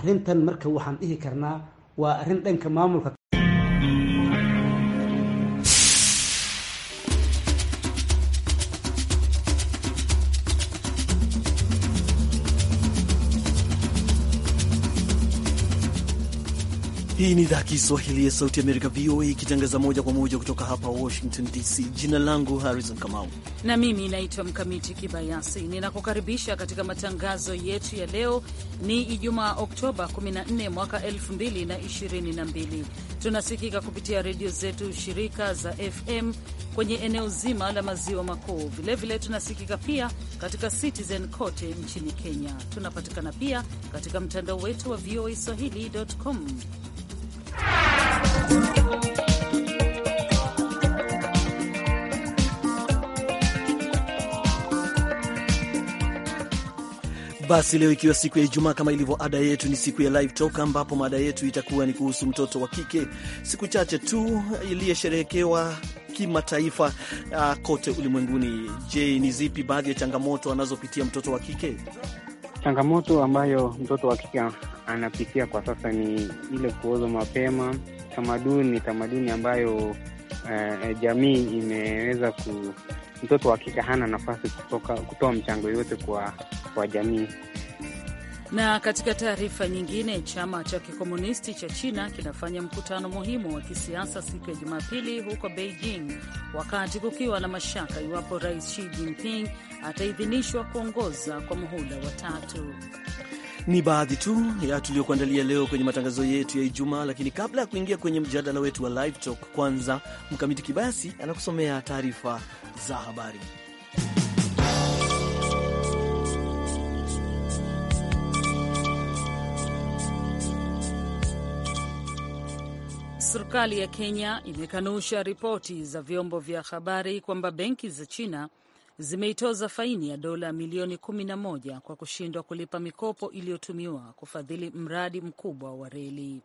arrintan marka waxaan dhihi karnaa waa arrin dhanka maamulka Hii ni idhaa Kiswahili ya Sauti Amerika, VOA, ikitangaza moja kwa moja kutoka hapa Washington DC. Jina langu Harrison Kamau na mimi naitwa Mkamiti Kibayasi. Ninakukaribisha katika matangazo yetu ya leo. Ni Ijumaa, Oktoba 14 mwaka 2022. Tunasikika kupitia redio zetu shirika za FM kwenye eneo zima la maziwa makuu. Vilevile tunasikika pia katika Citizen kote nchini Kenya. Tunapatikana pia katika mtandao wetu wa voa swahili.com. Basi leo ikiwa siku ya Ijumaa, kama ilivyo ada yetu, ni siku ya Live Talk ambapo mada yetu itakuwa ni kuhusu mtoto wa kike, siku chache tu iliyesherehekewa kimataifa uh, kote ulimwenguni. Je, ni zipi baadhi ya changamoto anazopitia mtoto wa kike? Changamoto ambayo mtoto wa kike anapitia kwa sasa ni ile kuoza mapema. Tamaduni ni tamaduni ambayo eh, eh, jamii imeweza ku, mtoto wa kike hana nafasi kutoka kutoa mchango yoyote kwa, kwa jamii. Na katika taarifa nyingine, chama cha kikomunisti cha China kinafanya mkutano muhimu wa kisiasa siku ya Jumapili huko Beijing, wakati kukiwa na mashaka iwapo Rais Xi Jinping ataidhinishwa kuongoza kwa muhula wa tatu. Ni baadhi tu ya tuliyokuandalia leo kwenye matangazo yetu ya Ijumaa, lakini kabla ya kuingia kwenye mjadala wetu wa live talk, kwanza Mkamiti Kibayasi anakusomea taarifa za habari. Serikali ya Kenya imekanusha ripoti za vyombo vya habari kwamba benki za China zimeitoza faini ya dola milioni kumi na moja kwa kushindwa kulipa mikopo iliyotumiwa kufadhili mradi mkubwa wa reli.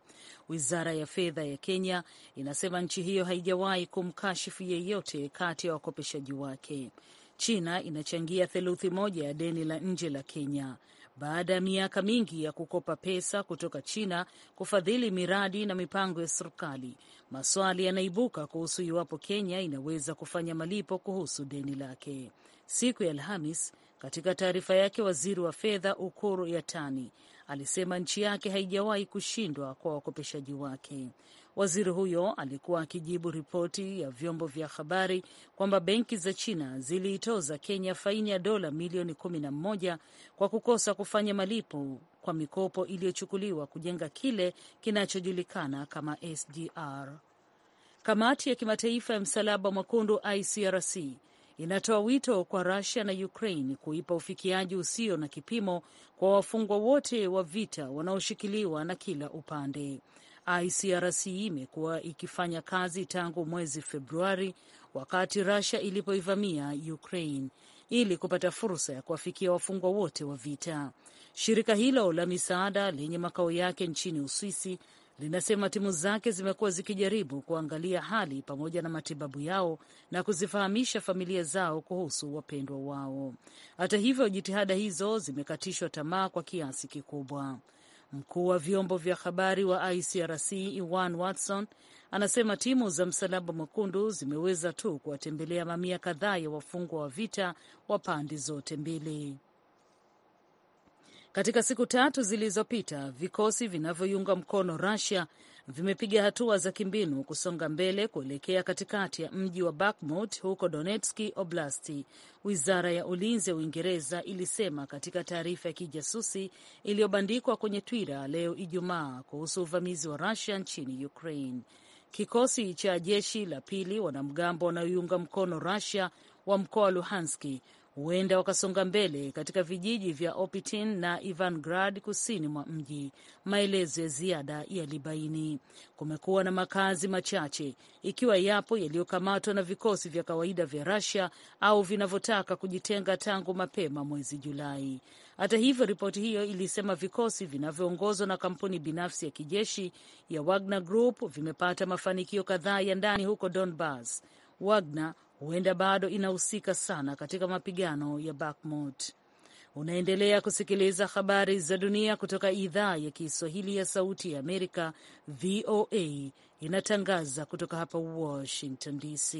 Wizara ya fedha ya Kenya inasema nchi hiyo haijawahi kumkashifu yeyote kati ya wakopeshaji wake. China inachangia theluthi moja ya deni la nje la Kenya baada ya miaka mingi ya kukopa pesa kutoka China kufadhili miradi na mipango ya serikali. Maswali yanaibuka kuhusu iwapo Kenya inaweza kufanya malipo kuhusu deni lake. Siku ya Alhamis, katika taarifa yake, waziri wa fedha Ukuru Yatani alisema nchi yake haijawahi kushindwa kwa wakopeshaji wake. Waziri huyo alikuwa akijibu ripoti ya vyombo vya habari kwamba benki za China ziliitoza Kenya faini ya dola milioni 11 kwa kukosa kufanya malipo kwa mikopo iliyochukuliwa kujenga kile kinachojulikana kama SGR. Kamati ya Kimataifa ya Msalaba Mwekundu ICRC inatoa wito kwa rasia na Ukraine kuipa ufikiaji usio na kipimo kwa wafungwa wote wa vita wanaoshikiliwa na kila upande. ICRC imekuwa ikifanya kazi tangu mwezi Februari wakati Russia ilipoivamia Ukraine ili kupata fursa ya kuwafikia wafungwa wote wa vita. Shirika hilo la misaada lenye makao yake nchini Uswisi linasema timu zake zimekuwa zikijaribu kuangalia hali pamoja na matibabu yao na kuzifahamisha familia zao kuhusu wapendwa wao. Hata hivyo, jitihada hizo zimekatishwa tamaa kwa kiasi kikubwa. Mkuu wa vyombo vya habari wa ICRC Iwan Watson anasema timu za Msalaba Mwekundu zimeweza tu kuwatembelea mamia kadhaa ya wafungwa wa vita wa pande zote mbili. Katika siku tatu zilizopita, vikosi vinavyoiunga mkono Russia vimepiga hatua za kimbinu kusonga mbele kuelekea katikati ya mji wa Bakhmut huko Donetski Oblasti, wizara ya ulinzi ya Uingereza ilisema katika taarifa ya kijasusi iliyobandikwa kwenye Twitter leo Ijumaa kuhusu uvamizi wa rasia nchini Ukraine. Kikosi cha jeshi la pili wanamgambo wanaoiunga mkono rasia wa mkoa wa Luhanski huenda wakasonga mbele katika vijiji vya Opitin na Ivangrad kusini mwa mji. Maelezo ya ziada yalibaini kumekuwa na makazi machache, ikiwa yapo yaliyokamatwa na vikosi vya kawaida vya rasia au vinavyotaka kujitenga tangu mapema mwezi Julai. Hata hivyo, ripoti hiyo ilisema vikosi vinavyoongozwa na kampuni binafsi ya kijeshi ya Wagner Group vimepata mafanikio kadhaa ya ndani huko Donbas. Wagner huenda bado inahusika sana katika mapigano ya Bakhmut. Unaendelea kusikiliza habari za dunia kutoka idhaa ya Kiswahili ya Sauti ya Amerika, VOA, inatangaza kutoka hapa Washington DC.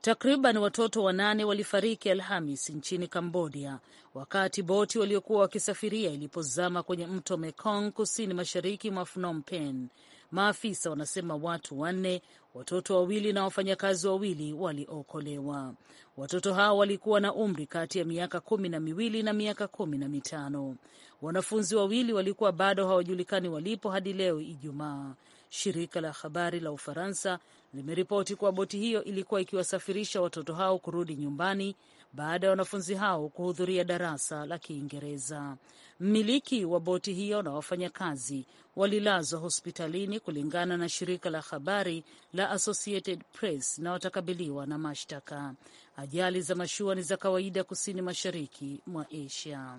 Takriban watoto wanane walifariki Alhamis nchini Kambodia wakati boti waliokuwa wakisafiria ilipozama kwenye mto Mekong kusini mashariki mwa Phnom Penh. Maafisa wanasema watu wanne watoto wawili na wafanyakazi wawili waliokolewa. Watoto hao walikuwa na umri kati ya miaka kumi na miwili na miaka kumi na mitano. Wanafunzi wawili walikuwa bado hawajulikani walipo hadi leo Ijumaa. Shirika la habari la Ufaransa limeripoti kuwa boti hiyo ilikuwa ikiwasafirisha watoto hao kurudi nyumbani baada ya wanafunzi hao kuhudhuria darasa la Kiingereza. Mmiliki wa boti hiyo na wafanyakazi walilazwa hospitalini kulingana na shirika la habari la Associated Press na watakabiliwa na mashtaka. Ajali za mashua ni za kawaida kusini mashariki mwa Asia.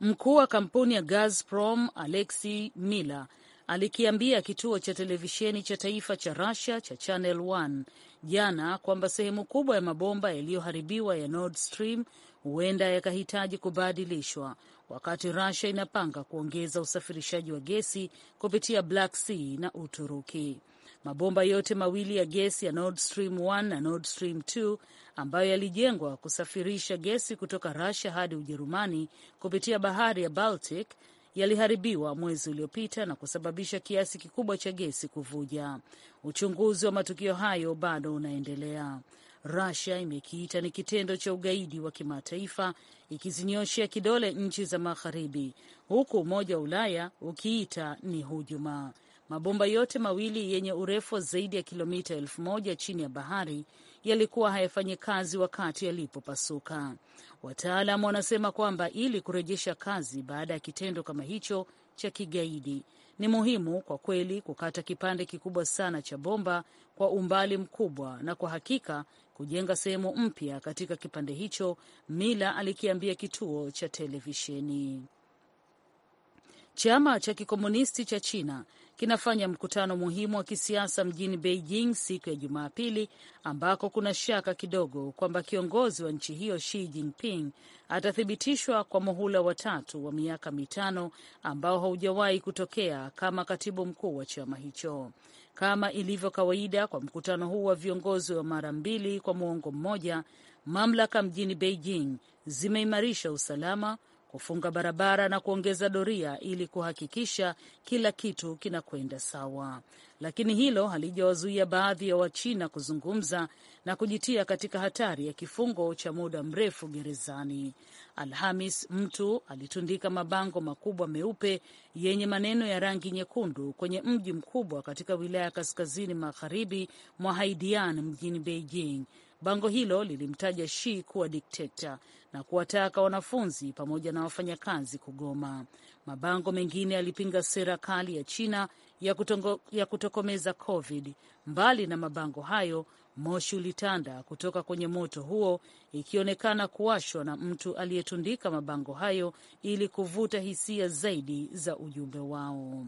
Mkuu wa kampuni ya Gazprom Alexi Miller alikiambia kituo cha televisheni cha taifa cha Russia cha Channel 1 jana kwamba sehemu kubwa ya mabomba yaliyoharibiwa ya Nord Stream huenda yakahitaji kubadilishwa wakati Russia inapanga kuongeza usafirishaji wa gesi kupitia Black Sea na Uturuki. Mabomba yote mawili ya gesi ya Nord Stream 1 na Nord Stream 2 ambayo yalijengwa kusafirisha gesi kutoka Russia hadi Ujerumani kupitia bahari ya Baltic yaliharibiwa mwezi uliopita na kusababisha kiasi kikubwa cha gesi kuvuja. Uchunguzi wa matukio hayo bado unaendelea. Rusia imekiita ni kitendo cha ugaidi wa kimataifa, ikizinyoshea kidole nchi za Magharibi, huku Umoja wa Ulaya ukiita ni hujuma. Mabomba yote mawili yenye urefu wa zaidi ya kilomita elfu moja chini ya bahari yalikuwa hayafanyi kazi wakati yalipopasuka. Wataalam wanasema kwamba ili kurejesha kazi baada ya kitendo kama hicho cha kigaidi ni muhimu kwa kweli kukata kipande kikubwa sana cha bomba kwa umbali mkubwa na kwa hakika kujenga sehemu mpya katika kipande hicho, Mila alikiambia kituo cha televisheni. Chama cha Kikomunisti cha China kinafanya mkutano muhimu wa kisiasa mjini Beijing siku ya Jumapili, ambako kuna shaka kidogo kwamba kiongozi wa nchi hiyo Xi Jinping atathibitishwa kwa muhula watatu wa miaka mitano ambao haujawahi kutokea kama katibu mkuu wa chama hicho. Kama ilivyo kawaida kwa mkutano huu wa viongozi wa mara mbili kwa muongo mmoja, mamlaka mjini Beijing zimeimarisha usalama kufunga barabara na kuongeza doria ili kuhakikisha kila kitu kinakwenda sawa, lakini hilo halijawazuia baadhi ya Wachina kuzungumza na kujitia katika hatari ya kifungo cha muda mrefu gerezani. Alhamis, mtu alitundika mabango makubwa meupe yenye maneno ya rangi nyekundu kwenye mji mkubwa katika wilaya ya kaskazini magharibi mwa Haidian mjini Beijing Bango hilo lilimtaja Shi kuwa dikteta na kuwataka wanafunzi pamoja na wafanyakazi kugoma. Mabango mengine yalipinga serikali ya China ya, kutongo, ya kutokomeza COVID. Mbali na mabango hayo, moshi ulitanda kutoka kwenye moto huo, ikionekana kuwashwa na mtu aliyetundika mabango hayo ili kuvuta hisia zaidi za ujumbe wao.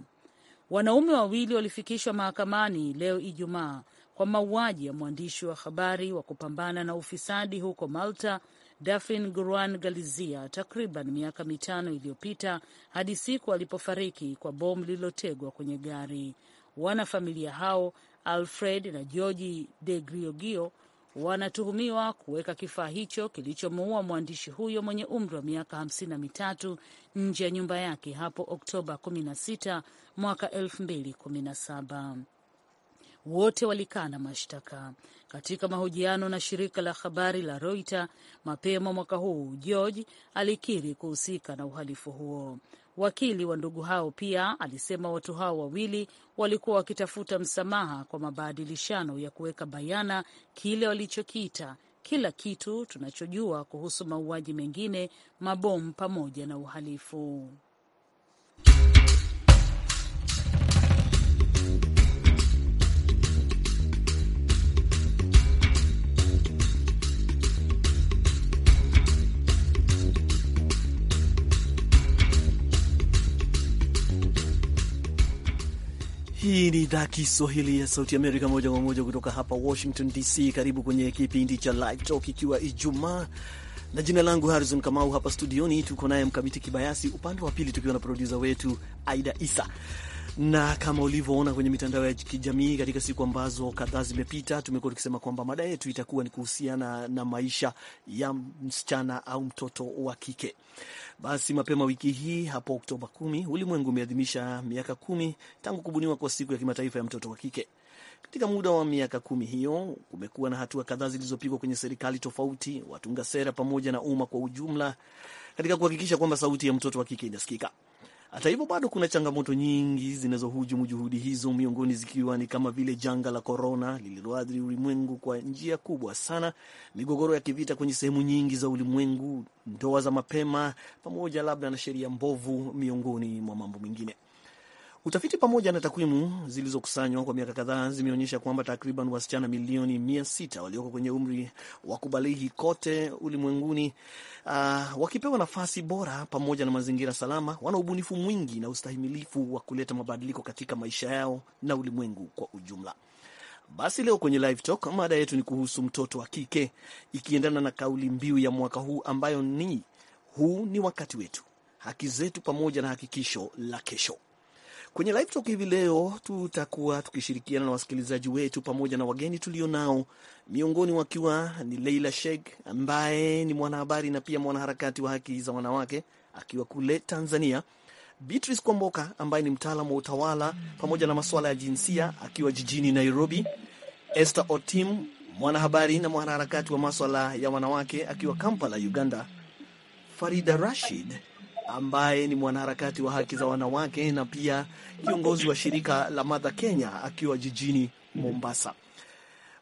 Wanaume wawili walifikishwa mahakamani leo Ijumaa kwa mauaji ya mwandishi wa habari wa kupambana na ufisadi huko Malta dafin gruan Galizia takriban miaka mitano iliyopita hadi siku alipofariki kwa bomu lililotegwa kwenye gari. Wanafamilia hao Alfred na Georgi de Griogio wanatuhumiwa kuweka kifaa hicho kilichomuua mwandishi huyo mwenye umri wa miaka hamsini na mitatu nje ya nyumba yake hapo Oktoba 16 mwaka 217 wote walikana mashtaka. Katika mahojiano na shirika la habari la Reuters mapema mwaka huu, George alikiri kuhusika na uhalifu huo. Wakili wa ndugu hao pia alisema watu hao wawili walikuwa wakitafuta msamaha kwa mabadilishano ya kuweka bayana kile walichokiita kila kitu tunachojua kuhusu mauaji mengine, mabomu pamoja na uhalifu. Hii ni idhaa Kiswahili ya Sauti Amerika moja kwa moja kutoka hapa Washington DC. Karibu kwenye kipindi cha Live Talk ikiwa Ijumaa, na jina langu Harrison Kamau. Hapa studioni tuko naye Mkamiti Kibayasi, upande wa pili tukiwa na produsa wetu Aida Isa na kama ulivyoona kwenye mitandao ya kijamii katika siku ambazo kadhaa zimepita, tumekuwa tukisema kwamba mada yetu itakuwa ni kuhusiana na maisha ya msichana au mtoto wa kike. Basi mapema wiki hii hapo Oktoba kumi, ulimwengu umeadhimisha miaka kumi tangu kubuniwa kwa siku ya kimataifa ya mtoto wa kike. Katika muda wa miaka kumi hiyo kumekuwa na hatua kadhaa zilizopigwa kwenye serikali tofauti, watunga sera pamoja na umma kwa ujumla katika kuhakikisha kwamba sauti ya mtoto wa kike inasikika. Hata hivyo bado kuna changamoto nyingi zinazohujumu juhudi hizo, miongoni zikiwa ni kama vile janga la korona lililoathiri ulimwengu kwa njia kubwa sana, migogoro ya kivita kwenye sehemu nyingi za ulimwengu, ndoa za mapema, pamoja labda na sheria mbovu, miongoni mwa mambo mengine. Utafiti pamoja na takwimu zilizokusanywa kwa miaka kadhaa zimeonyesha kwamba takriban wasichana milioni mia sita walioko kwenye umri wa kubalighi kote ulimwenguni, uh, wakipewa nafasi bora pamoja na mazingira salama, wana ubunifu mwingi na ustahimilifu wa kuleta mabadiliko katika maisha yao na ulimwengu kwa ujumla. Basi leo kwenye Live Talk mada yetu ni kuhusu mtoto wa kike, ikiendana na kauli mbiu ya mwaka huu ambayo ni huu ni wakati wetu, haki zetu, pamoja na hakikisho la kesho. Kwenye live talk hivi leo tutakuwa tukishirikiana na wasikilizaji wetu pamoja na wageni tulio nao, miongoni wakiwa ni Leila Sheikh ambaye ni mwanahabari na pia mwanaharakati wa haki za wanawake akiwa kule Tanzania, Beatrice Kwamboka ambaye ni mtaalamu wa utawala pamoja na masuala ya jinsia akiwa jijini Nairobi, Esther Otim mwanahabari na mwanaharakati wa maswala ya wanawake akiwa Kampala, Uganda, Farida Rashid ambaye ni mwanaharakati wa haki za wanawake na pia kiongozi wa shirika la Mother Kenya akiwa jijini Mombasa.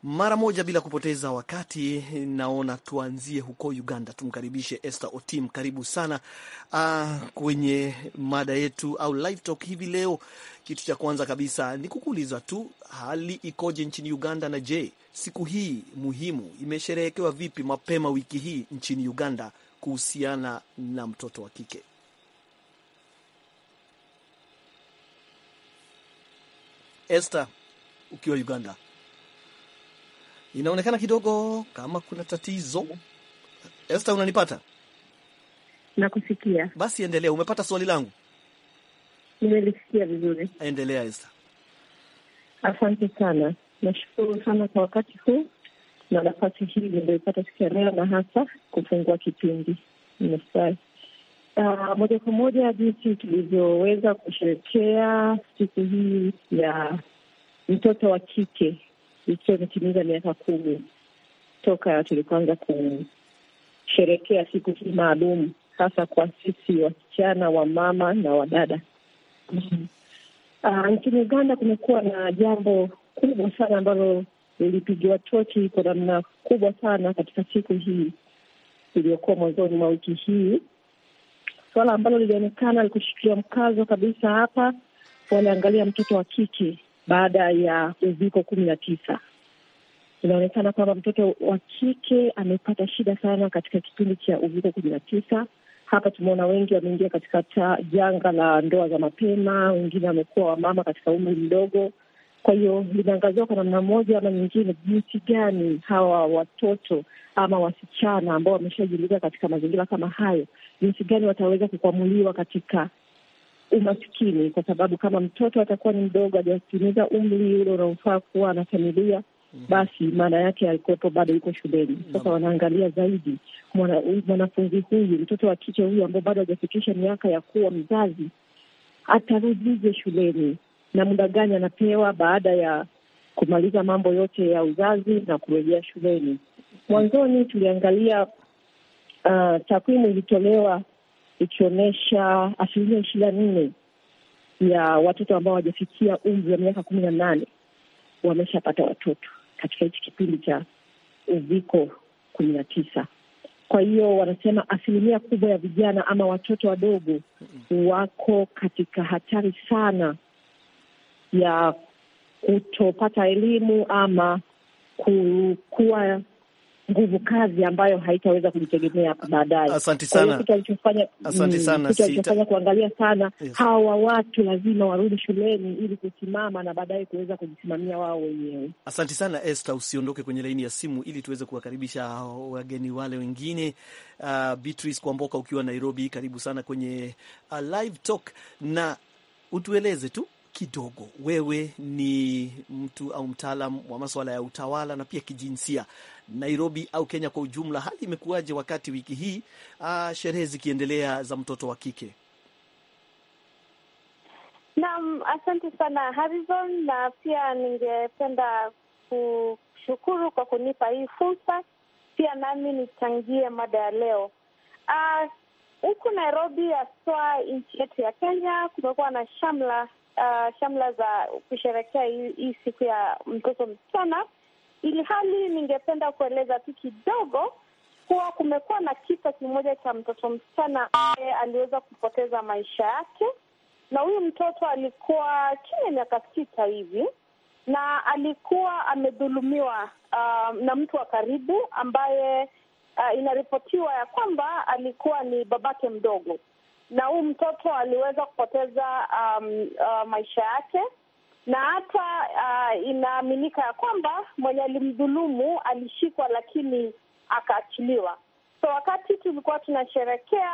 Mara moja bila kupoteza wakati, naona tuanzie huko Uganda. Tumkaribishe Esther Otim, karibu sana uh, kwenye mada yetu au live talk hivi leo. Kitu cha kwanza kabisa ni kukuuliza tu hali ikoje nchini Uganda, na je, siku hii muhimu imesherehekewa vipi mapema wiki hii nchini Uganda kuhusiana na mtoto wa kike? Esther, ukiwa Uganda, inaonekana kidogo kama kuna tatizo. Esther, unanipata? Nakusikia. Basi endelea, umepata swali langu? Nimelisikia vizuri, endelea Esther. Asante sana, nashukuru sana kwa wakati huu na nafasi hii niliyoipata siku ya leo, na hasa kufungua kipindi. Nimefurahi. Uh, moja kwa moja jinsi tulivyoweza kusherekea siku hii ya mtoto wa kike ikiwa imetimiza miaka kumi toka tulipoanza kusherekea siku hii maalum, hasa kwa sisi wasichana wa mama na wadada mm-hmm. Uh, nchini Uganda kumekuwa na jambo kubwa sana ambalo lilipigiwa tochi kwa namna kubwa sana katika siku hii iliyokuwa mwanzoni mwa wiki hii suala ambalo lilionekana likushikilia mkazo kabisa hapa, waliangalia mtoto wa kike baada ya uviko kumi na tisa. Inaonekana kwamba mtoto wa kike amepata shida sana katika kipindi cha uviko kumi na tisa. Hapa tumeona wengi wameingia katika janga la ndoa za mapema, wengine wamekuwa wamama katika umri mdogo kwa hiyo linaangaziwa kwa namna moja ama nyingine, jinsi gani hawa watoto ama wasichana ambao wameshajilika katika mazingira kama hayo, jinsi gani wataweza kukwamuliwa katika umasikini, kwa sababu kama mtoto atakuwa ni mdogo, hajatimiza umri ule unaofaa kuwa na familia mhm. basi maana yake alikuwepo bado yuko shuleni. Sasa wanaangalia zaidi mwanafunzi huyu, mtoto wa kike huyu, ambao bado hajafikisha miaka ya kuwa mzazi, atarudize shuleni? na muda gani anapewa baada ya kumaliza mambo yote ya uzazi na kurejea shuleni. Mwanzoni tuliangalia uh, takwimu ilitolewa ikionyesha asilimia ishirini na nne ya watoto ambao wajafikia umri wa miaka kumi na nane wameshapata watoto katika hichi kipindi cha uviko kumi na tisa. Kwa hiyo wanasema asilimia kubwa ya vijana ama watoto wadogo wako katika hatari sana ya kutopata elimu ama kuwa nguvu kazi ambayo haitaweza kujitegemea hapo baadaye. Asante sana, kitu mm, alichofanya kuangalia sana yes. Hawa watu lazima warudi shuleni ili kusimama na baadaye kuweza kujisimamia wao wenyewe. Asante sana Esther, usiondoke kwenye laini ya simu ili tuweze kuwakaribisha wageni wale wengine. Uh, Beatrice Kwamboka ukiwa Nairobi, karibu sana kwenye uh, live talk na utueleze tu kidogo. Wewe ni mtu au mtaalam wa maswala ya utawala na pia kijinsia. Nairobi au Kenya kwa ujumla, hali imekuwaje wakati wiki hii uh, sherehe zikiendelea za mtoto wa kike? Naam, asante sana Harrison, na pia ningependa kushukuru kwa kunipa hii fursa, pia nami nichangie mada ya leo ah, huku uh, Nairobi, haswa nchi yetu ya Kenya, kumekuwa na shamla uh, shamla za kusherekea hii siku ya mtoto msichana, ili hali ningependa kueleza tu kidogo kuwa kumekuwa na kisa kimoja cha mtoto msichana ambaye aliweza kupoteza maisha yake, na huyu mtoto alikuwa chini ya miaka sita hivi na alikuwa amedhulumiwa uh, na mtu wa karibu ambaye uh, inaripotiwa ya kwamba alikuwa ni babake mdogo na huu mtoto aliweza kupoteza um, uh, maisha yake, na hata uh, inaaminika ya kwamba mwenye alimdhulumu alishikwa, lakini akaachiliwa. So wakati tulikuwa tunasherekea,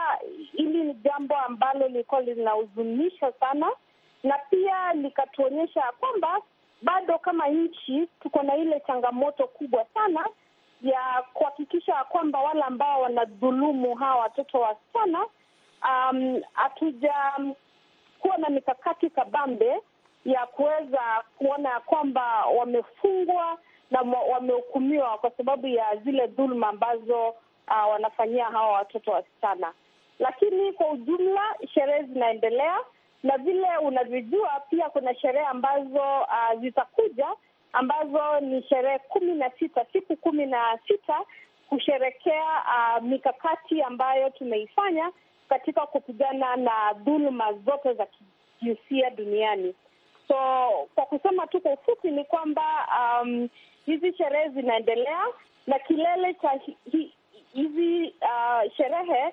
hili ni jambo ambalo lilikuwa linahuzunisha sana, na pia likatuonyesha ya kwamba bado kama nchi tuko na ile changamoto kubwa sana ya kuhakikisha ya kwamba wale ambao wanadhulumu hawa watoto wasichana hatuja um, um na mikakati kabambe ya kuweza kuona ya kwamba wamefungwa na wamehukumiwa kwa sababu ya zile dhuluma ambazo uh, wanafanyia hawa watoto wasichana. Lakini kwa ujumla sherehe zinaendelea, na vile unavyojua pia kuna sherehe ambazo uh, zitakuja ambazo ni sherehe kumi na sita siku kumi na sita kusherekea uh, mikakati ambayo tumeifanya katika kupigana na dhuluma zote za kijinsia duniani. So kwa kusema tu kwa ufupi ni kwamba um, hizi sherehe zinaendelea na kilele cha hizi uh, sherehe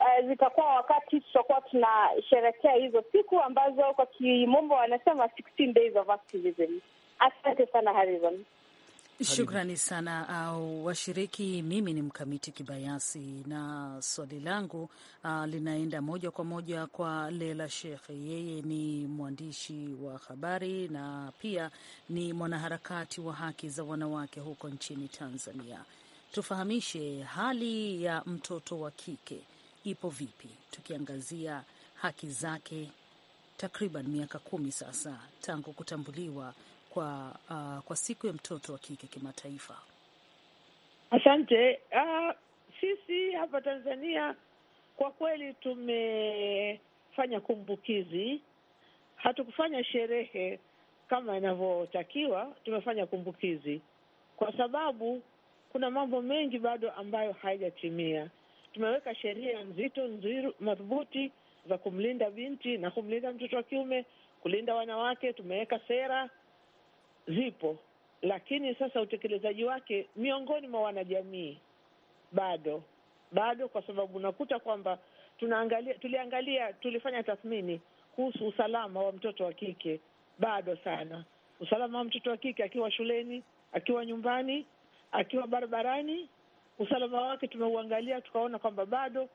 uh, zitakuwa wakati tutakuwa tunasherekea hizo siku ambazo kwa kimombo wanasema 16 days of activism. Asante sana Harrison. Shukrani sana au uh, washiriki. Mimi ni Mkamiti Kibayasi na swali langu uh, linaenda moja kwa moja kwa Lela Sheikh. Yeye ni mwandishi wa habari na pia ni mwanaharakati wa haki za wanawake huko nchini Tanzania. Tufahamishe hali ya mtoto wa kike ipo vipi, tukiangazia haki zake takriban miaka kumi sasa tangu kutambuliwa kwa, uh, kwa siku ya mtoto wa kike kimataifa? Asante. Uh, sisi hapa Tanzania kwa kweli tumefanya kumbukizi, hatukufanya sherehe kama inavyotakiwa. Tumefanya kumbukizi kwa sababu kuna mambo mengi bado ambayo hayajatimia. Tumeweka sheria nzito nzuri madhubuti za kumlinda binti na kumlinda mtoto wa kiume, kulinda wanawake. Tumeweka sera zipo, lakini sasa utekelezaji wake miongoni mwa wanajamii bado bado, kwa sababu unakuta kwamba tunaangalia, tuliangalia, tulifanya tathmini kuhusu usalama wa mtoto wa kike, bado sana usalama wa mtoto wa kike akiwa shuleni, akiwa nyumbani, akiwa barabarani, usalama wake tumeuangalia, tukaona kwamba bado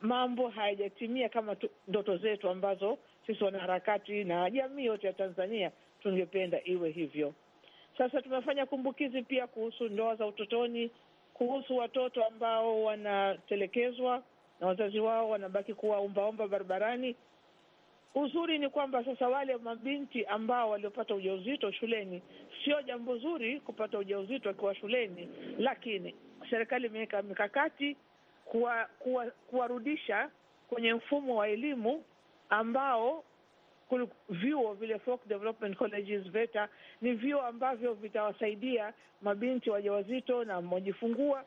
mambo hayajatimia kama tu, ndoto zetu ambazo sisi wanaharakati na jamii yote ya Tanzania tungependa iwe hivyo. Sasa tumefanya kumbukizi pia kuhusu ndoa za utotoni, kuhusu watoto ambao wanatelekezwa na wazazi wao wanabaki kuwaombaomba barabarani. Uzuri ni kwamba sasa wale mabinti ambao waliopata ujauzito shuleni, sio jambo zuri kupata ujauzito akiwa shuleni, lakini serikali imeweka mikakati kuwarudisha kuwa, kuwa kwenye mfumo wa elimu ambao vyuo vile folk development colleges VETA ni vyuo ambavyo vitawasaidia mabinti wajawazito na wajifungua,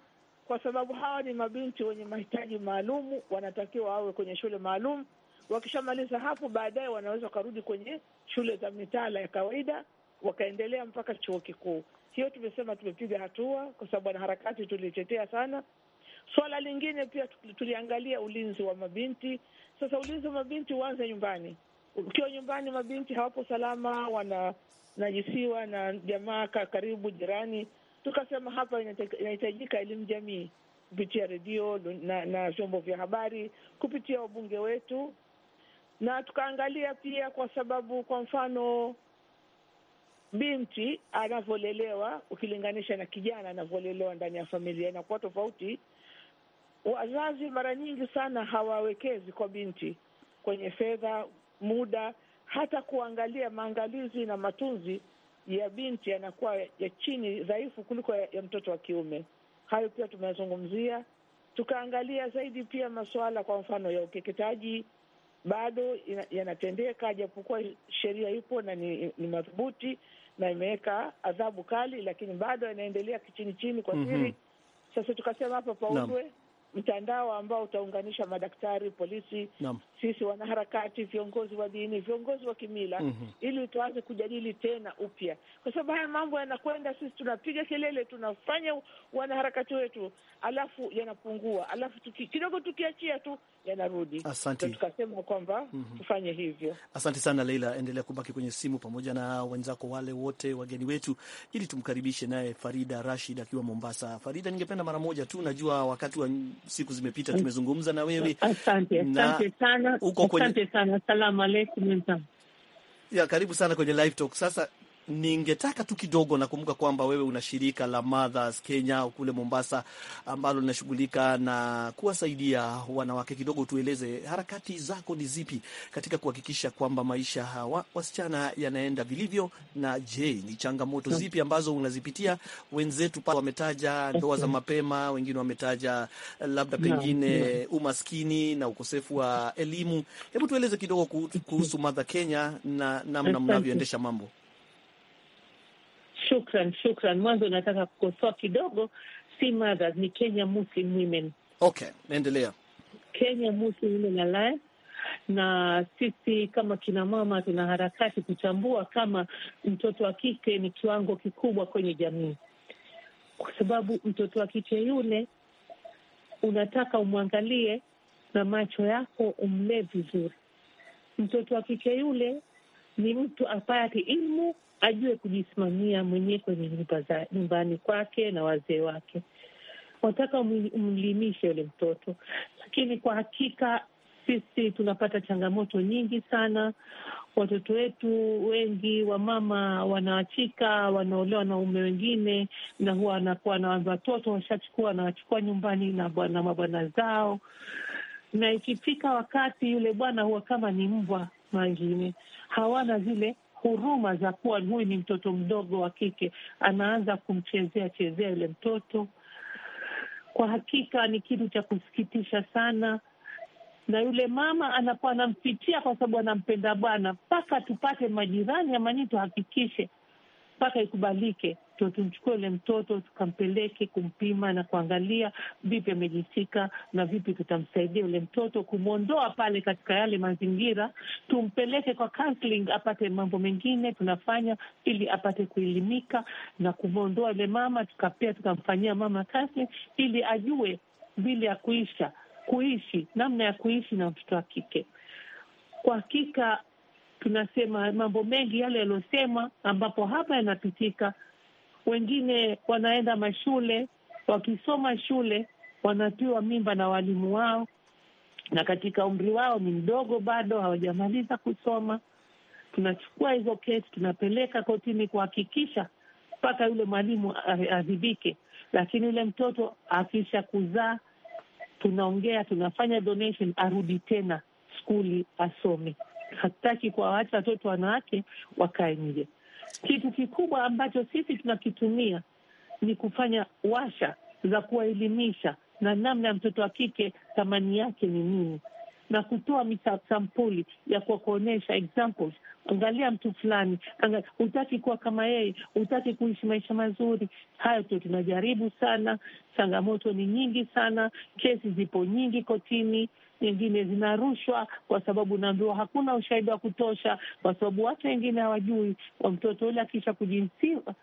kwa sababu hawa ni mabinti wenye mahitaji maalum wanatakiwa wawe kwenye shule maalum. Wakishamaliza hapo, baadaye wanaweza wakarudi kwenye shule za mitaala ya kawaida, wakaendelea mpaka chuo kikuu. Hiyo tumesema tumepiga hatua, kwa sababu wanaharakati tulitetea sana. Swala lingine pia tuliangalia ulinzi wa mabinti. Sasa ulinzi wa mabinti huanze nyumbani ukiwa nyumbani, mabinti hawapo salama, wananajisiwa na jamaa karibu, jirani. Tukasema hapa inahitajika elimu jamii kupitia redio na, na vyombo vya habari, kupitia wabunge wetu, na tukaangalia pia, kwa sababu kwa mfano binti anavyolelewa ukilinganisha na kijana anavyolelewa ndani ya familia inakuwa tofauti. Wazazi mara nyingi sana hawawekezi kwa binti kwenye fedha, muda, hata kuangalia maangalizi na matunzi ya binti yanakuwa ya chini, dhaifu kuliko ya, ya mtoto wa kiume. Hayo pia tumeyazungumzia, tukaangalia zaidi pia masuala kwa mfano ya ukeketaji bado yanatendeka, japokuwa sheria ipo na ni, ni madhubuti na imeweka adhabu kali, lakini bado yanaendelea kichini chini kwa siri. mm -hmm. Sasa tukasema hapa no mtandao ambao utaunganisha madaktari, polisi, Nam. sisi wanaharakati, viongozi wa dini, viongozi wa kimila mm -hmm. ili tuanze kujadili tena upya, kwa sababu haya mambo yanakwenda, sisi tunapiga kelele, tunafanya wanaharakati wetu, alafu yanapungua, alafu tuki, kidogo tukiachia tu yanarudi. Asante, tukasema kwamba mm -hmm. tufanye hivyo. Asante sana Leila, endelea kubaki kwenye simu pamoja na wenzako wale wote wageni wetu, ili tumkaribishe naye Farida Rashid akiwa Mombasa. Farida, ningependa mara moja tu, najua wakati wa siku zimepita, tumezungumza na wewe. Asante, asante sana, kwenye... sana. Salamu alaikum. Ya, karibu sana kwenye live talk. Sasa ningetaka tu kidogo, nakumbuka kwamba wewe una shirika la Mothers Kenya kule Mombasa ambalo linashughulika na kuwasaidia wanawake. Kidogo tueleze harakati zako ni zipi katika kuhakikisha kwamba maisha hawa wasichana yanaenda vilivyo, na je, ni changamoto hmm. zipi ambazo unazipitia? Wenzetu pa wametaja ndoa za mapema, wengine wametaja eh, labda pengine umaskini na ukosefu wa elimu. Hebu tueleze kidogo kuhusu Mother Kenya na namna mnavyoendesha mambo. Shukran, shukran. Mwanzo nataka kukosoa kidogo, si mothers, ni Kenya Muslim Women. Okay, naendelea. Kenya Muslim Women Alliance na sisi kama kina mama tuna harakati kutambua kama mtoto wa kike ni kiwango kikubwa kwenye jamii, kwa sababu mtoto wa kike yule unataka umwangalie na macho yako, umlee vizuri. Mtoto wa kike yule ni mtu apate ilmu ajue kujisimamia mwenyewe kwenye nyumba za nyumbani kwake na wazee wake. Wataka umlimishe yule mtoto, lakini kwa hakika sisi tunapata changamoto nyingi sana. Watoto wetu wengi wamama wanaachika, wanaolewa na ume wengine, na huwa wanakuwa na watoto washachukua, wanawachukua nyumbani na bwana mabwana zao, na ikifika wakati yule bwana huwa kama ni mbwa mangine, hawana zile huruma za kuwa huyu ni mtoto mdogo wa kike, anaanza kumchezea chezea yule mtoto. Kwa hakika ni kitu cha kusikitisha sana, na yule mama anakuwa anampitia kwa sababu anampenda bwana, mpaka tupate majirani ama nini, tuhakikishe mpaka ikubalike ndio tumchukue ule mtoto tukampeleke kumpima na kuangalia vipi amejisika na vipi tutamsaidia ule mtoto kumwondoa pale katika yale mazingira, tumpeleke kwa counseling, apate mambo mengine tunafanya ili apate kuelimika na kumwondoa ule mama, tukapia tukamfanyia mama counseling ili ajue vile ya kuisha kuishi, namna ya kuishi na mtoto wa kike. Kwa hakika tunasema mambo mengi yale yaliyosema, ambapo hapa yanapitika wengine wanaenda mashule, wakisoma shule wanapewa mimba na walimu wao, na katika umri wao ni mdogo, bado hawajamaliza kusoma. Tunachukua hizo kesi tunapeleka kotini kuhakikisha mpaka yule mwalimu adhibike, lakini yule mtoto akisha kuzaa, tunaongea tunafanya donation, arudi tena skuli asome. Hatutaki kuwaacha watoto wanawake wakae nje. Kitu kikubwa ambacho sisi tunakitumia ni kufanya washa za kuwaelimisha na namna ya mtoto wa kike thamani yake ni nini, na kutoa sampuli ya kwa kuonyesha examples. Angalia mtu fulani, hutaki kuwa kama yeye, hutaki kuishi maisha mazuri. Hayo tu tunajaribu sana. Changamoto ni nyingi sana, kesi zipo nyingi kotini nyingine zinarushwa kwa sababu unaambiwa hakuna ushahidi wa kutosha, kwa sababu watu wengine hawajui wa mtoto ule akisha kujinsiwa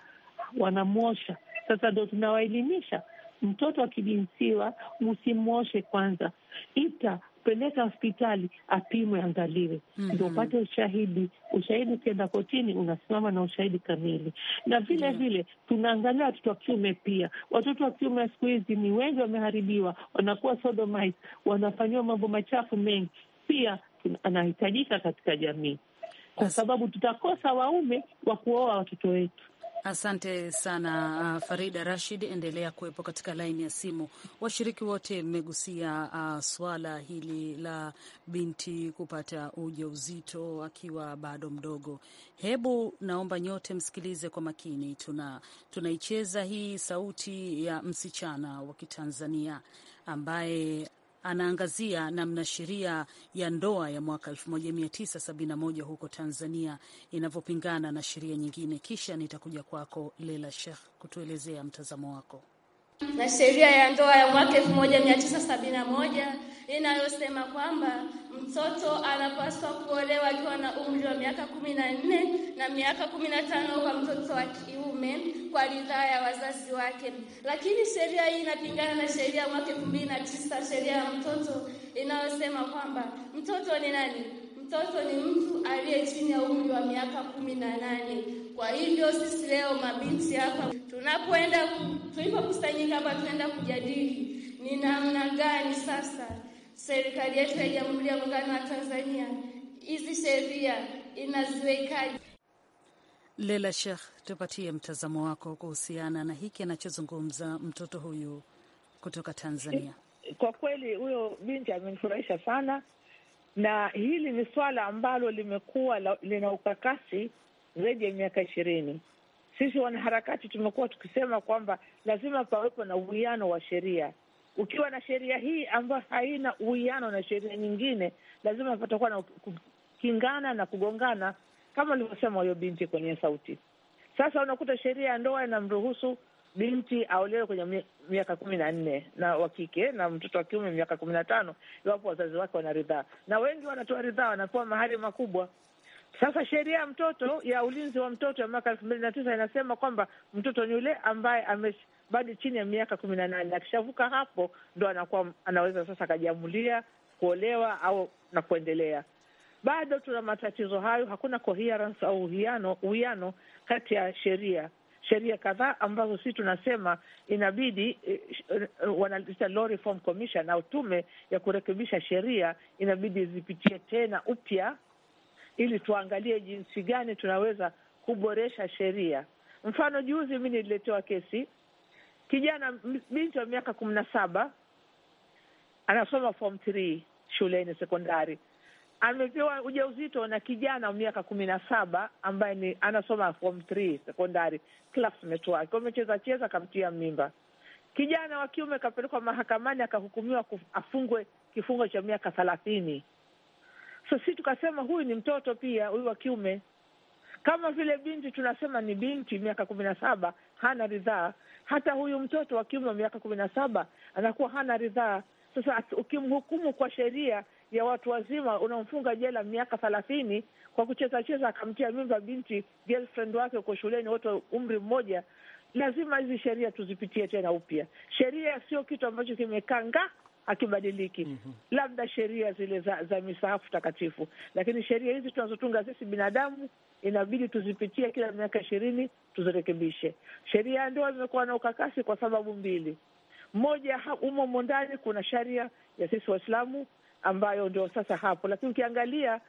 wanamwosha. Sasa ndo tunawaelimisha mtoto akijinsiwa, usimwoshe kwanza, ita peleka hospitali apimwe, angaliwe, mm -hmm. ndo upate ushahidi. Ushahidi ukienda kotini unasimama na ushahidi kamili, na vile yeah. vile tunaangalia watoto wa kiume pia. Watoto wa kiume a siku hizi ni wengi, wameharibiwa, wanakuwa sodomite, wanafanyiwa mambo machafu mengi, pia anahitajika katika jamii, kwa sababu tutakosa waume wa kuoa watoto wetu. Asante sana uh, Farida Rashid, endelea kuwepo katika laini ya simu. Washiriki wote mmegusia uh, swala hili la binti kupata uja uzito akiwa bado mdogo. Hebu naomba nyote msikilize kwa makini, tuna tunaicheza hii sauti ya msichana wa Kitanzania ambaye anaangazia namna sheria ya ndoa ya mwaka 1971 huko Tanzania inavyopingana na sheria nyingine. Kisha nitakuja kwako Lela Sheikh kutuelezea mtazamo wako na sheria ya ndoa ya mwaka 1971 inayosema kwamba mtoto anapaswa kuolewa akiwa na umri wa miaka kumi na nne na miaka kumi na tano kwa mtoto wa kiume kwa ridhaa ya wazazi wake. Lakini sheria hii inapingana na sheria ya mwaka elfu mbili na tisa sheria ya mtoto inayosema kwamba mtoto ni nani? Mtoto ni mtu aliye chini ya umri wa miaka kumi na nane. Kwa hivyo sisi leo mabinti hapa tunapoenda tulipokusanyika hapa, tunaenda kujadili ni namna gani sasa serikali yetu ya Jamhuri ya Muungano wa Tanzania hizi sheria inaziwekaje. Lela Sheikh, tupatie mtazamo wako kuhusiana na hiki anachozungumza mtoto huyu kutoka Tanzania. Kwa kweli huyo binti amenifurahisha sana, na hili ni swala ambalo limekuwa lina ukakasi zaidi ya miaka ishirini. Sisi wanaharakati tumekuwa tukisema kwamba lazima pawepo na uwiano wa sheria. Ukiwa na sheria hii ambayo haina uwiano na sheria nyingine, lazima patakuwa na kukingana na kugongana, kama alivyosema huyo binti kwenye sauti. Sasa unakuta sheria ya ndoa inamruhusu binti aolewe kwenye miaka kumi na nne na wa kike na mtoto wa kiume miaka kumi na tano iwapo wazazi wake wanaridhaa, na wengi wanatoa ridhaa, wanapewa mahari makubwa. Sasa sheria ya mtoto ya ulinzi wa mtoto ya mwaka elfu mbili na tisa inasema kwamba mtoto ni yule ambaye ame bado chini ya miaka kumi na nane. Akishavuka hapo ndo anakuwa anaweza sasa akajiamulia kuolewa au na kuendelea. Bado tuna matatizo hayo, hakuna coherence au uwiano kati ya sheria sheria kadhaa ambazo si tunasema inabidi eh, wanaitaau Law Reform Commission au tume ya kurekebisha sheria inabidi zipitie tena upya ili tuangalie jinsi gani tunaweza kuboresha sheria. Mfano, juzi mi nililetewa kesi, kijana binti wa miaka kumi na saba anasoma form three shuleni sekondari, amepewa ujauzito na kijana wa miaka kumi na saba ambaye ni anasoma form three sekondari, classmate wake wamecheza cheza, akamtia mimba. Kijana wa kiume akapelekwa mahakamani, akahukumiwa afungwe kifungo cha miaka thelathini So si tukasema huyu ni mtoto pia, huyu wa kiume, kama vile binti tunasema ni binti miaka kumi na saba hana ridhaa, hata huyu mtoto wa kiume wa miaka kumi na saba anakuwa hana ridhaa. Sasa ukimhukumu kwa sheria ya watu wazima, unamfunga jela miaka thelathini kwa kuchezacheza akamtia mimba binti girlfriend wake uko shuleni, wote umri mmoja. Lazima hizi sheria tuzipitie tena upya. Sheria sio kitu ambacho kimekaa hakibadiliki, mm -hmm. labda sheria zile za, za misaafu takatifu, lakini sheria hizi tunazotunga sisi binadamu inabidi tuzipitie kila miaka ishirini tuzirekebishe. Sheria ya ndoa zimekuwa na ukakasi kwa sababu mbili. Moja, umomo ndani kuna sharia ya sisi Waislamu ambayo ndio sasa hapo, lakini ukiangalia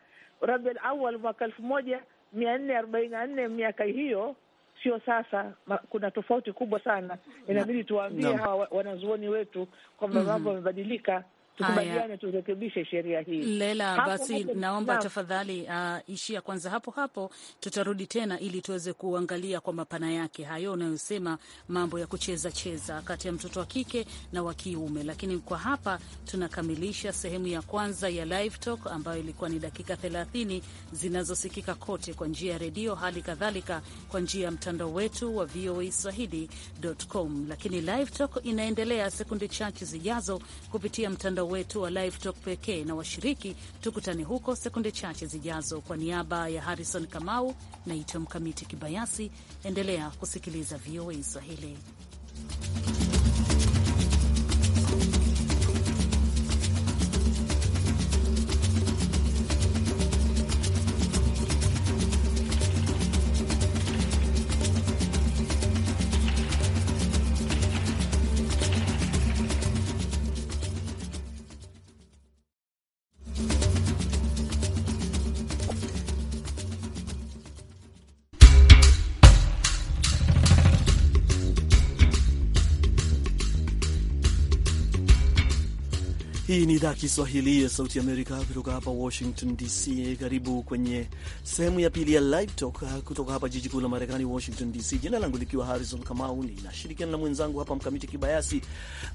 Rabiul Awal mwaka elfu moja mia nne arobaini na nne miaka hiyo sio sasa. Kuna tofauti kubwa sana, inabidi tuwaambie no. hawa wanazuoni wetu kwamba mhm. mambo mm -hmm. yamebadilika tukubaliane turekebishe sheria hii. Lela, basi naomba tafadhali, uh, ishia kwanza hapo hapo, tutarudi tena ili tuweze kuangalia kwa mapana yake hayo unayosema mambo ya kucheza cheza kati ya mtoto wa kike na wa kiume. Lakini kwa hapa tunakamilisha sehemu ya kwanza ya live talk ambayo ilikuwa ni dakika 30 zinazosikika kote kwa njia ya redio, hali kadhalika kwa njia ya mtandao wetu wa VOA swahili.com. Lakini live talk inaendelea sekunde chache zijazo kupitia mtandao wetu wa Live Talk pekee na washiriki. Tukutane huko sekunde chache zijazo. Kwa niaba ya Harrison Kamau, naitwa Mkamiti Kibayasi. Endelea kusikiliza VOA Swahili. Hii ni idhaa Kiswahili ya Sauti Amerika kutoka hapa Washington DC. Karibu kwenye sehemu ya pili ya Live Talk ah, kutoka hapa jiji kuu la Marekani, Washington DC. Jina langu likiwa Harrison Kamau, ninashirikiana na mwenzangu hapa Mkamiti Kibayasi,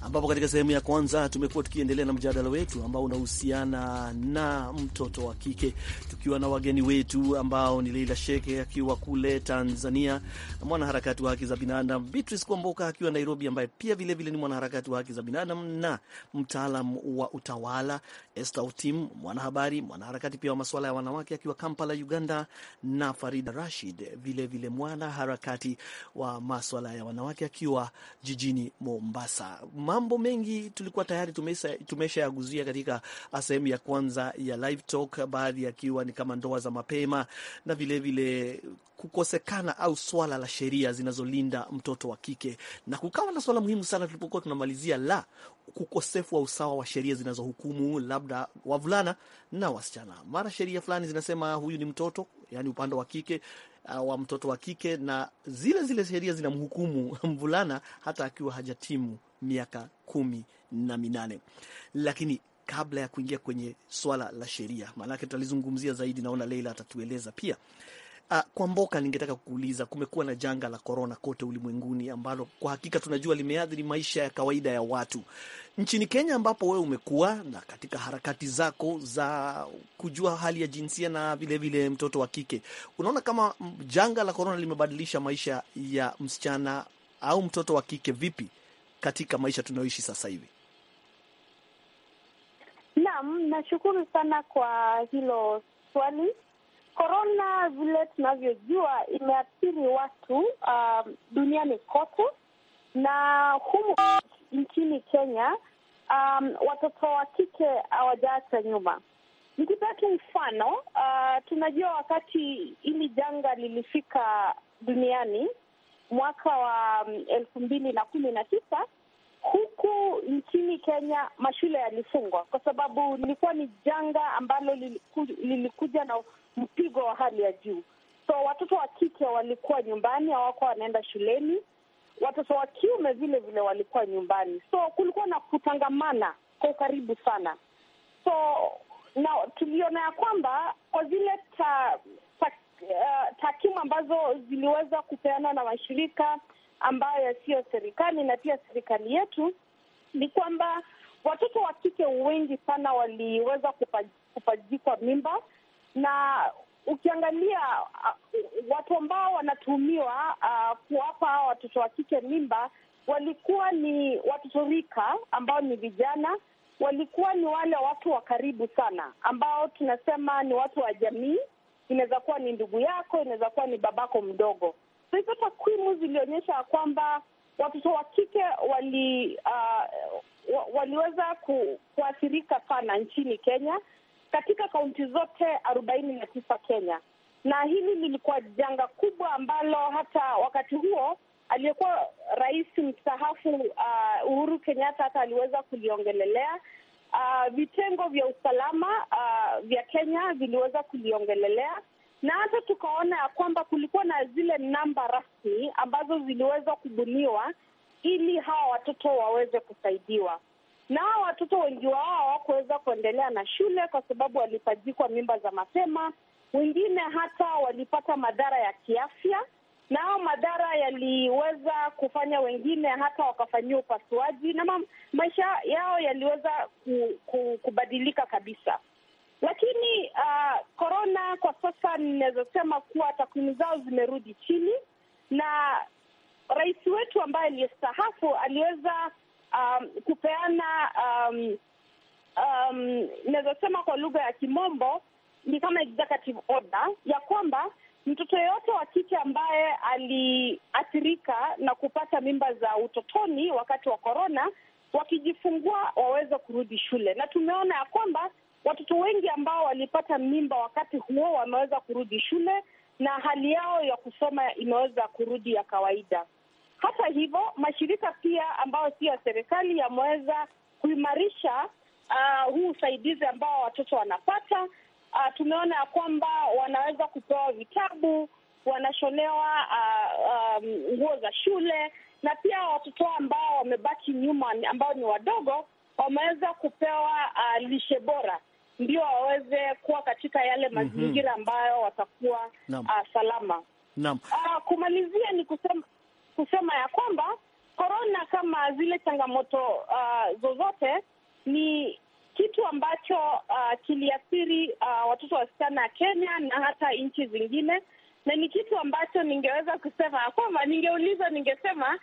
ambapo katika sehemu ya kwanza tumekuwa tukiendelea na mjadala wetu ambao unahusiana na mtoto wa kike, tukiwa na wageni wetu ambao ni Leila Sheke akiwa kule Tanzania, mwanaharakati wa haki za binadamu, Beatrice Kwamboka akiwa Nairobi, ambaye pia vilevile ni mwanaharakati wa haki za binadamu na mtaalam wa utawala Esther Otim, mwanahabari mwanaharakati pia wa masuala ya wanawake akiwa Kampala, Uganda, na Farida Rashid vilevile mwanaharakati wa masuala ya wanawake akiwa jijini Mombasa. Mambo mengi tulikuwa tayari tumesha yaguzia katika sehemu ya kwanza ya Live Talk, baadhi yakiwa ni kama ndoa za mapema na vilevile vile kukosekana au swala la sheria zinazolinda mtoto wa kike, na kukawa na swala muhimu sana tulipokuwa tunamalizia la ukosefu wa usawa wa sheria zinazohukumu labda labda wavulana na wasichana. Mara sheria fulani zinasema huyu ni mtoto, yani upande wa kike uh, wa mtoto wa kike, na zile zile sheria zinamhukumu mvulana hata akiwa hajatimu miaka kumi na minane. Lakini kabla ya kuingia kwenye swala la sheria, maanake tutalizungumzia zaidi, naona Leila atatueleza pia Uh, kwa Mboka, ningetaka kukuuliza, kumekuwa na janga la korona kote ulimwenguni ambalo kwa hakika tunajua limeathiri maisha ya kawaida ya watu nchini Kenya, ambapo wewe umekuwa na katika harakati zako za kujua hali ya jinsia na vilevile mtoto wa kike, unaona kama janga la korona limebadilisha maisha ya msichana au mtoto wa kike vipi katika maisha tunayoishi sasa hivi? Naam, nashukuru sana kwa hilo swali. Korona vile tunavyojua imeathiri watu um, duniani kote na humu nchini Kenya um, watoto wa kike hawajaacha nyuma. Nikipata mfano uh, tunajua wakati hili janga lilifika duniani mwaka wa um, elfu mbili na kumi na tisa huku nchini Kenya mashule yalifungwa kwa sababu lilikuwa ni janga ambalo liliku, lilikuja na mpigo wa hali ya juu. So watoto wa kike walikuwa nyumbani, hawakuwa wanaenda shuleni. Watoto wa kiume vile vile walikuwa nyumbani, so kulikuwa na kutangamana kwa ukaribu sana. So na tuliona ya kwamba kwa zile ta, ta, uh, takimu ambazo ziliweza kupeana na mashirika ambayo yasiyo serikali na pia serikali yetu ni kwamba watoto wa kike wengi sana waliweza kupajikwa mimba na ukiangalia uh, watu ambao wanatuhumiwa uh, kuwapa watoto wa kike mimba walikuwa ni watoto rika ambao ni vijana, walikuwa ni wale watu wa karibu sana ambao tunasema ni watu wa jamii. Inaweza kuwa ni ndugu yako, inaweza kuwa ni babako mdogo. So hizo takwimu zilionyesha kwamba watoto wa kike wali, uh, waliweza ku, kuathirika sana nchini Kenya katika kaunti zote arobaini na tisa Kenya, na hili lilikuwa janga kubwa ambalo hata wakati huo aliyekuwa rais mstaafu uh, Uhuru Kenyatta hata aliweza kuliongelelea. Uh, vitengo vya usalama uh, vya Kenya viliweza kuliongelelea na hata tukaona ya kwamba kulikuwa na zile namba rasmi ambazo ziliweza kubuniwa ili hawa watoto waweze kusaidiwa na watoto wengi wao hawakuweza kuendelea na shule kwa sababu walipajikwa mimba za mapema. Wengine hata walipata madhara ya kiafya, na madhara yaliweza kufanya wengine hata wakafanyia upasuaji na ma maisha yao yaliweza ku, ku, kubadilika kabisa. Lakini korona ah, uh, kwa sasa ninaweza sema kuwa takwimu zao zimerudi chini, na rais wetu ambaye aliyestahafu aliweza um, kupeana um, um, naweza sema kwa lugha ya Kimombo ni kama executive order ya kwamba mtoto yeyote wa kike ambaye aliathirika na kupata mimba za utotoni wakati wa korona, wakijifungua waweze kurudi shule, na tumeona ya kwamba watoto wengi ambao walipata mimba wakati huo wameweza kurudi shule na hali yao ya kusoma imeweza kurudi ya kawaida. Hata hivyo, mashirika pia ambayo si ya serikali yameweza kuimarisha uh, huu usaidizi ambao watoto wanapata. Uh, tumeona ya kwamba wanaweza kupewa vitabu, wanashonewa nguo uh, um, za shule na pia watoto ambao wamebaki nyuma ambao ni wadogo wameweza kupewa uh, lishe bora ndio waweze kuwa katika yale mhm. mazingira ambayo watakuwa uh, salama. Uh, kumalizia ni kusema kusema ya kwamba korona kama zile changamoto uh, zozote ni kitu ambacho uh, kiliathiri uh, watoto wasichana Kenya na hata nchi zingine, na ni kitu ambacho ningeweza kusema ya kwamba ningeuliza, ningesema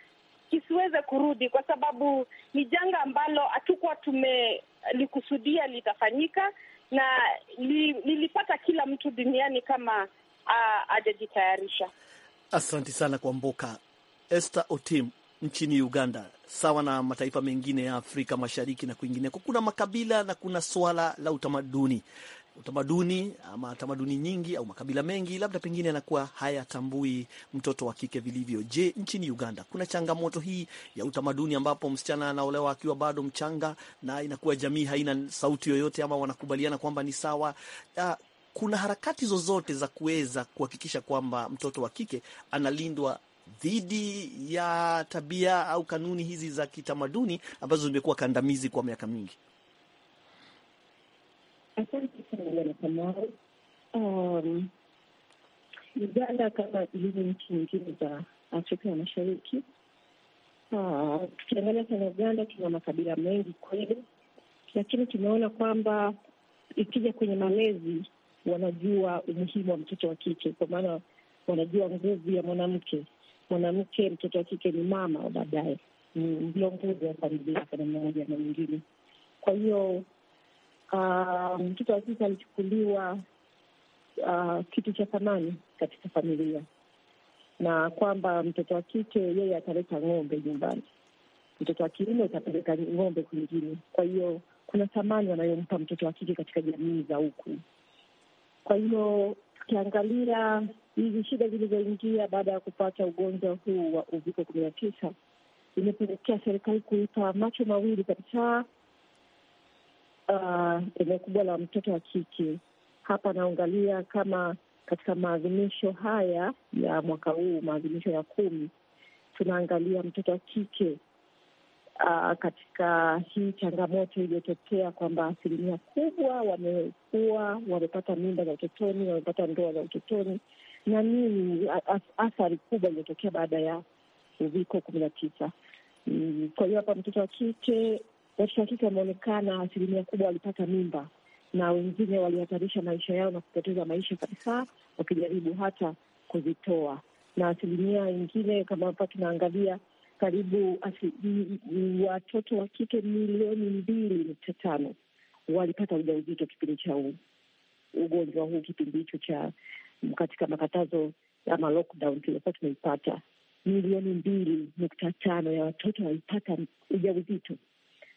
kisiweze kurudi, kwa sababu ni janga ambalo hatukuwa tumelikusudia litafanyika, na li, lilipata kila mtu duniani kama uh, ajajitayarisha Asante sana kwa Mboka. Esther Otim nchini Uganda, sawa na mataifa mengine ya Afrika Mashariki na kwingineko, kuna makabila na kuna swala la utamaduni utamaduni ama tamaduni nyingi au makabila mengi labda pengine yanakuwa hayatambui mtoto wa kike vilivyo. Je, nchini Uganda kuna changamoto hii ya utamaduni ambapo msichana anaolewa akiwa bado mchanga na inakuwa jamii haina sauti yoyote ama wanakubaliana kwamba ni sawa? Ah, kuna harakati zozote za kuweza kuhakikisha kwamba mtoto wa kike analindwa dhidi ya tabia au kanuni hizi za kitamaduni ambazo zimekuwa kandamizi kwa miaka mingi? Asante sana Kamau. Um, Uganda kama ilivyo nchi nyingine za Afrika ya Mashariki, uh, tukiangalia sana Uganda, tuna makabila mengi kweli, lakini tumeona kwamba ikija kwenye malezi, wanajua umuhimu wa mtoto wa kike, kwa maana wanajua nguvu ya mwanamke mwanamke, mtoto wa kike ni mama wa baadaye ni mlongozi wa familia kwa namna moja na nyingine. Kwa hiyo uh, mtoto wa kike alichukuliwa uh, kitu cha thamani katika familia, na kwamba mtoto wa kike yeye ataleta ng'ombe nyumbani, mtoto wa kiume utapeleka ng'ombe kwingine. Kwa hiyo kuna thamani wanayompa mtoto wa kike katika jamii za huku. Kwa hiyo Tukiangalia hizi shida zilizoingia baada ya kupata ugonjwa huu wa uviko kumi na tisa imepelekea serikali kuipa macho mawili kabisa uh, eneo kubwa la mtoto wa kike. Hapa anaangalia kama katika maadhimisho haya ya mwaka huu, maadhimisho ya kumi, tunaangalia mtoto wa kike uh, katika hii changamoto iliyotokea kwamba asilimia kubwa wamekuwa wamepata mimba za utotoni, wamepata ndoa za utotoni, na nini athari kubwa iliyotokea baada ya uviko kumi na tisa. Mm, kwa hiyo hapa mtoto wa kike, watoto wa kike wameonekana asilimia kubwa walipata mimba na wengine walihatarisha maisha yao na kupoteza maisha kabisa wakijaribu hata kuzitoa, na asilimia ingine kama hapa tunaangalia karibu watoto wa kike milioni mbili nukta tano walipata ujauzito kipindi cha ugonjwa huu kipindi hicho cha katika makatazo ama lockdown tuliokuwa tumeipata, milioni mbili nukta tano ya watoto walipata ujauzito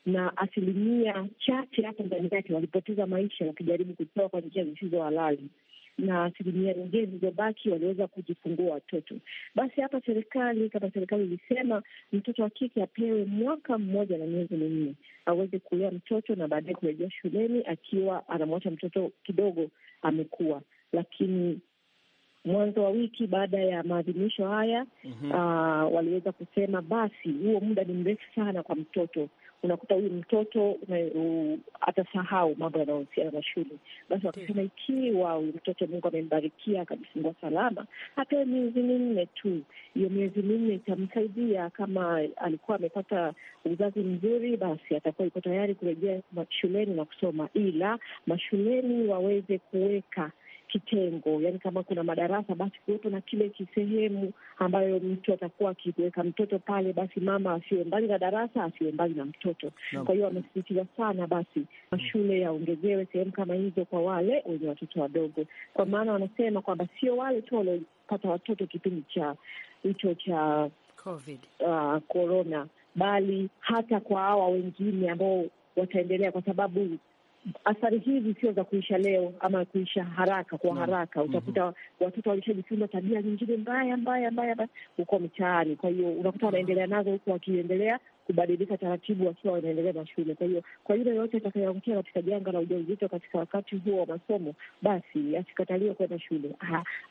na asilimia chache hapo ndani yake walipoteza maisha wakijaribu kutoa kwa njia zisizo halali na asilimia nyingine zilizobaki waliweza kujifungua watoto. Basi hapa serikali kama serikali ilisema mtoto wa kike apewe mwaka mmoja na miezi minne aweze kulea mtoto na baadaye kurejea shuleni akiwa anamwacha mtoto kidogo amekuwa. Lakini mwanzo wa wiki baada ya maadhimisho haya mm -hmm. uh, waliweza kusema basi huo muda ni mrefu sana kwa mtoto unakuta huyu mtoto atasahau mambo yanayohusiana na shule. Basi wakasema ikiwa huyu mtoto Mungu amembarikia akajifungua salama, hata miezi minne tu. Hiyo miezi minne itamsaidia, kama alikuwa amepata uzazi mzuri, basi atakuwa iko tayari kurejea shuleni na kusoma, ila mashuleni waweze kuweka kitengo, yani kama kuna madarasa basi kuwepo na kile kisehemu ambayo mtu atakuwa akiweka mtoto pale, basi mama asiwe mbali na darasa, asiwe mbali na mtoto no. Kwa hiyo wamesisitiza sana basi mm. mashule yaongezewe sehemu kama hizo kwa wale wenye watoto wadogo, kwa maana wanasema kwamba sio wale tu waliopata watoto kipindi cha hicho cha COVID, uh, bali hata kwa hawa wengine ambao wataendelea kwa sababu athari hizi sio za kuisha leo ama kuisha haraka kwa haraka. Mm-hmm. Utakuta mm -hmm. watoto walishajifunza tabia nyingine mbaya mbaya mbaya huko mitaani, kwa hiyo unakuta wanaendelea nazo huku wakiendelea kubadilika taratibu wakiwa wanaendelea na shule. Kwa hiyo kwa yule yoyote atakayeangukia katika janga la ujauzito katika wakati huo wa masomo, basi asikataliwe kwenda shule,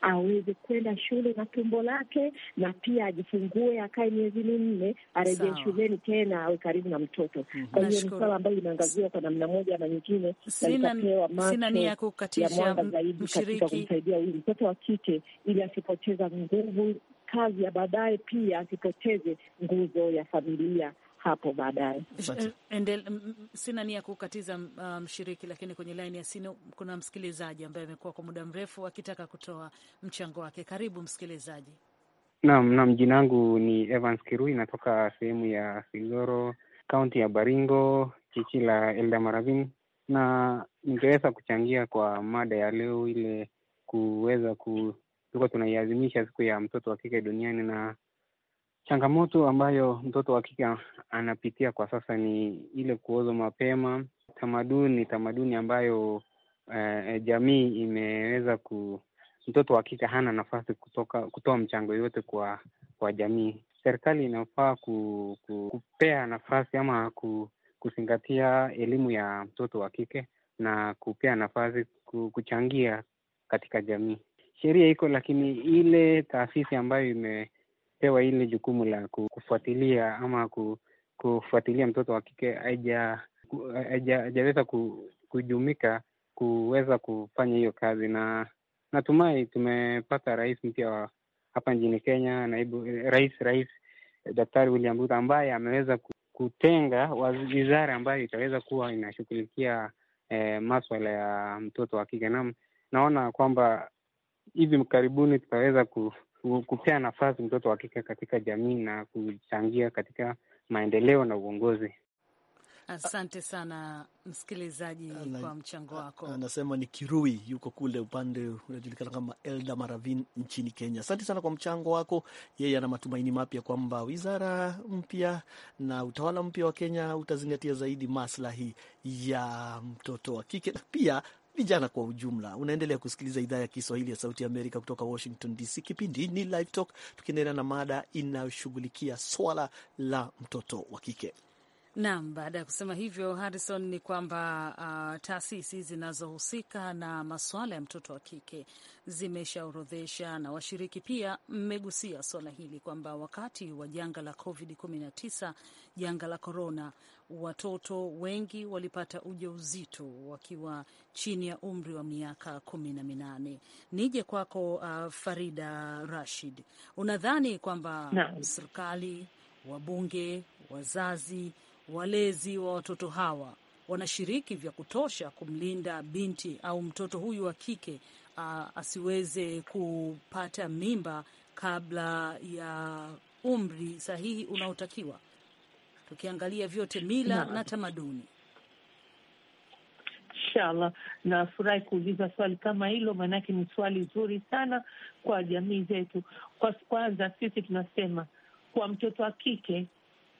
aweze kwenda shule na tumbo lake, na pia ajifungue, akae miezi minne, arejee shuleni tena, awe karibu na mtoto. Kwa hiyo ni mm-hmm. swala ambayo inaangaziwa kwa namna moja ama nyingine, naitapewa maya macho ya mwanga zaidi katika kumsaidia huyu mtoto wa kike ili asipoteza nguvu kazi ya baadaye, pia asipoteze nguzo ya familia hapo baadaye. Sina nia kukatiza um, mshiriki, um, lakini kwenye laini ya simu kuna msikilizaji ambaye amekuwa kwa muda mrefu akitaka kutoa mchango wake. Karibu msikilizaji. Naam, naam, jina langu ni Evans Kirui, natoka sehemu ya Sigoro, kaunti ya Baringo, jiji la elda Maravin, na ningeweza kuchangia kwa mada ya leo ile kuweza ku, tunaiadhimisha siku ya mtoto wa kike duniani na Changamoto ambayo mtoto wa kike anapitia kwa sasa ni ile kuozwa mapema. Tamaduni tamaduni ambayo eh, jamii imeweza ku, mtoto wa kike hana nafasi kutoka kutoa mchango yote kwa kwa jamii. Serikali inafaa ku, ku, kupea nafasi ama ku, kuzingatia elimu ya mtoto wa kike na kupea nafasi kuchangia katika jamii. Sheria iko, lakini ile taasisi ambayo ime pewa ile jukumu la kufuatilia ama kufuatilia mtoto wa kike hajaweza kujumika kuweza kufanya hiyo kazi, na natumai tumepata rais mpya wa hapa nchini Kenya, naibu rais rais Daktari William Ruto ambaye ameweza kutenga wizara ambayo itaweza kuwa inashughulikia eh, maswala ya mtoto wa kike, na naona kwamba hivi karibuni tutaweza ku, kupea nafasi mtoto wa kike katika jamii na kuchangia katika maendeleo na uongozi. Asante sana msikilizaji ana, kwa mchango wako. Anasema ni Kirui, yuko kule upande unajulikana kama Elda Maravin nchini Kenya. Asante sana kwa mchango wako. Yeye ana matumaini mapya kwamba wizara mpya na utawala mpya wa Kenya utazingatia zaidi maslahi ya mtoto wa kike na pia vijana kwa ujumla. Unaendelea kusikiliza idhaa ya Kiswahili ya Sauti ya Amerika kutoka Washington DC. Kipindi ni Live Talk, tukiendelea na mada inayoshughulikia swala la mtoto wa kike. Naam, baada ya kusema hivyo, Harrison, ni kwamba uh, taasisi zinazohusika na masuala ya mtoto wa kike zimeshaorodhesha na washiriki pia mmegusia suala hili kwamba wakati wa janga la COVID-19, janga la korona, watoto wengi walipata ujauzito wakiwa chini ya umri wa miaka kumi na minane. Nije kwako uh, Farida Rashid, unadhani kwamba no. serikali, wabunge, wazazi, walezi wa watoto hawa wanashiriki vya kutosha kumlinda binti au mtoto huyu wa kike uh, asiweze kupata mimba kabla ya umri sahihi unaotakiwa? tukiangalia vyote mila na tamaduni. Inshallah, nafurahi kuuliza swali kama hilo, maanake ni swali zuri sana kwa jamii zetu. Kwa kwanza, sisi tunasema kwa mtoto wa kike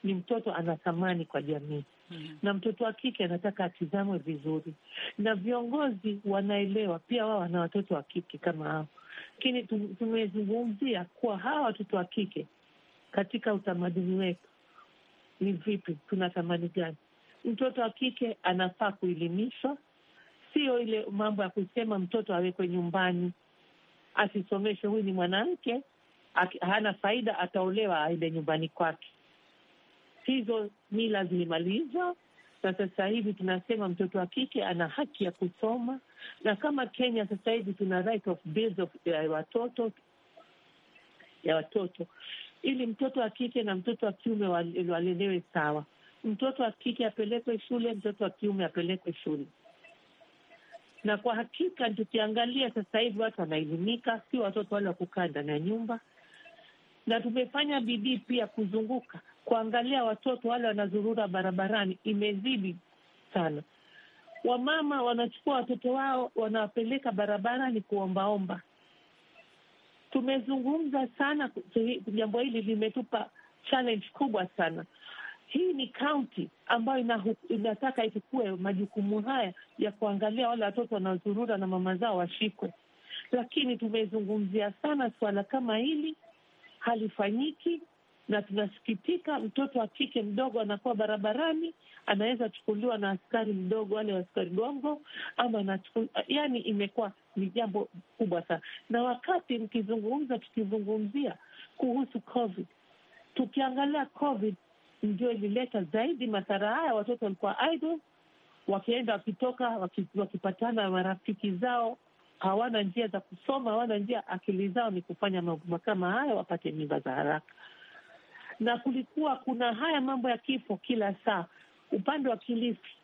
ni mtoto ana thamani kwa jamii hmm. Na mtoto wa kike anataka atizamwe vizuri, na viongozi wanaelewa pia, wao wana watoto wa kike kama hao. Lakini tumezungumzia kwa hawa watoto wa kike katika utamaduni wetu ni vipi, tuna thamani gani. Mtoto wa kike anafaa kuelimishwa, sio ile mambo ya kusema mtoto awekwe nyumbani asisomeshwe, huyu ni mwanamke, hana faida, ataolewa, aende nyumbani kwake. Hizo mila zilimalizwa, na sasa hivi tunasema mtoto wa kike ana haki ya kusoma, na kama Kenya sasa hivi tuna right of birth of ya watoto ya watoto ili mtoto wa kike na mtoto wa kiume walelewe sawa. Mtoto wa kike apelekwe shule, mtoto wa kiume apelekwe shule. Na kwa hakika tukiangalia sasa hivi watu wanaelimika, sio watoto wale wa kukaa ndani ya nyumba, na tumefanya bidii pia kuzunguka kuangalia watoto wale wanazurura barabarani, imezidi sana. Wamama wanachukua watoto wao wanawapeleka barabarani kuombaomba tumezungumza sana. Jambo hili limetupa challenge kubwa sana. Hii ni kaunti ambayo inahu, inataka ichukue majukumu haya ya kuangalia wale watoto wanaozurura na mama zao washikwe, lakini tumezungumzia sana suala kama hili halifanyiki na tunasikitika, mtoto wa kike mdogo anakuwa barabarani, anaweza chukuliwa na askari mdogo, wale askari gongo, ama yani imekuwa ni jambo kubwa sana. Na wakati mkizungumza, tukizungumzia kuhusu COVID, tukiangalia COVID ndio ilileta zaidi madhara haya. Watoto walikuwa idle, wakienda wakitoka, wakipatana marafiki zao, hawana njia za kusoma, hawana njia, akili zao ni kufanya maguma kama haya, wapate mimba za haraka na kulikuwa kuna haya mambo ya kifo kila saa. Upande wa Kilifi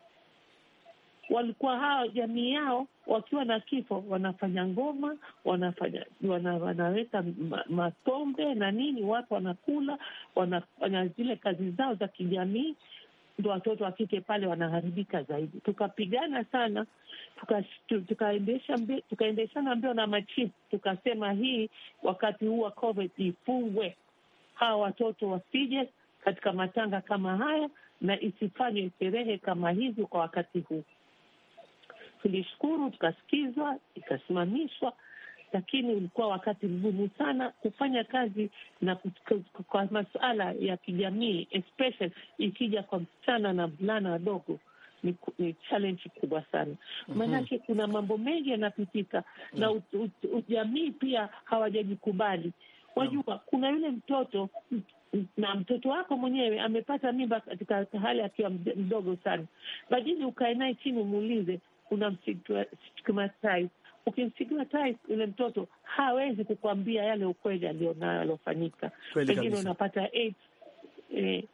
walikuwa hawa jamii yao wakiwa na kifo wanafanya ngoma, wanafanya wana, wanaweka matombe na nini, watu wanakula, wanafanya zile kazi zao za kijamii. Ndo watoto wa kike pale wanaharibika zaidi. Tukapigana sana, tukaendeshana tuka tuka mbio na machifu, tukasema hii wakati huu wa COVID ifungwe hawa watoto wasije katika matanga kama haya na isifanywe sherehe kama hizi kwa wakati huu. Tulishukuru, tukasikizwa, ikasimamishwa, lakini ulikuwa wakati mgumu sana kufanya kazi na kwa masuala ya kijamii, especially ikija kwa msichana na mvulana wadogo. Ni, ni challenge kubwa sana maanake, mhm. mm -hmm. kuna mambo mengi yanapitika, mm -hmm. na ujamii pia hawajajikubali. Wajua, kuna yule mtoto na mtoto wako mwenyewe amepata mimba katika hali akiwa mdogo sana, badili ukae naye chini umuulize, unamstigmatize. tai yule mtoto hawezi kukwambia yale ukweli aliyonayo aliofanyika, pengine unapata AIDS. Eh,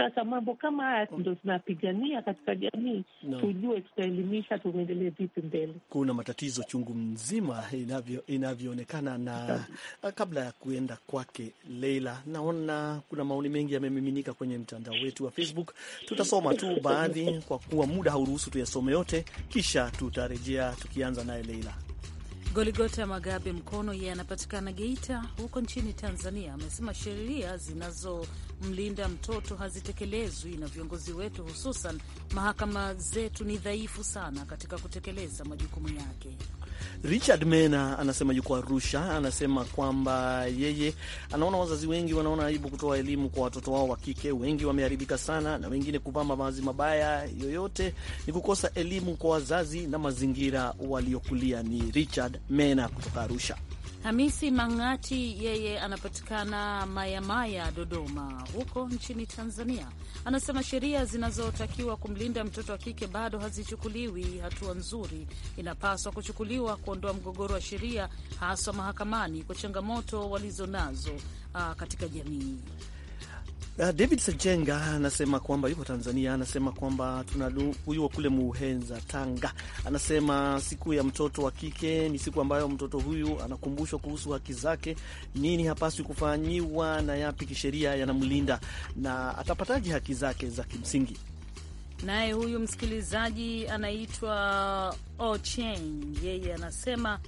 sasa mambo kama haya ndo tunapigania katika jamii no. Tujue tutaelimisha, tumeendelee vipi mbele. Kuna matatizo chungu mzima inavyo inavyoonekana na kabla ya kuenda kwake Leila, naona kuna maoni mengi yamemiminika kwenye mtandao wetu wa Facebook. Tutasoma tu baadhi kwa kuwa muda hauruhusu tuyasome yote, kisha tutarejea tukianza naye Leila. Goligota Magabe Mkono, yeye anapatikana Geita huko nchini Tanzania, amesema sheria zinazo mlinda mtoto hazitekelezwi na viongozi wetu, hususan mahakama zetu ni dhaifu sana katika kutekeleza majukumu yake. Richard Mena anasema yuko Arusha, anasema kwamba yeye anaona wazazi wengi wanaona aibu kutoa elimu kwa watoto wao wa kike. Wengi wameharibika sana, na wengine kuvaa mavazi mabaya. Yoyote ni kukosa elimu kwa wazazi na mazingira waliokulia. Ni Richard Mena kutoka Arusha. Hamisi Mang'ati yeye anapatikana Mayamaya, Dodoma huko nchini Tanzania, anasema sheria zinazotakiwa kumlinda mtoto wa kike bado hazichukuliwi hatua nzuri. Inapaswa kuchukuliwa kuondoa mgogoro wa sheria, haswa mahakamani, kwa changamoto walizonazo ah, katika jamii. Uh, David Sejenga anasema kwamba yuko Tanzania, anasema kwamba tuna huyu kule Muhenza, Tanga, anasema siku ya mtoto wa kike ni siku ambayo mtoto huyu anakumbushwa kuhusu haki zake, nini hapaswi kufanyiwa na yapi kisheria yanamlinda na atapataje haki zake za kimsingi. Naye huyu msikilizaji anaitwa Ocheng, yeye anasema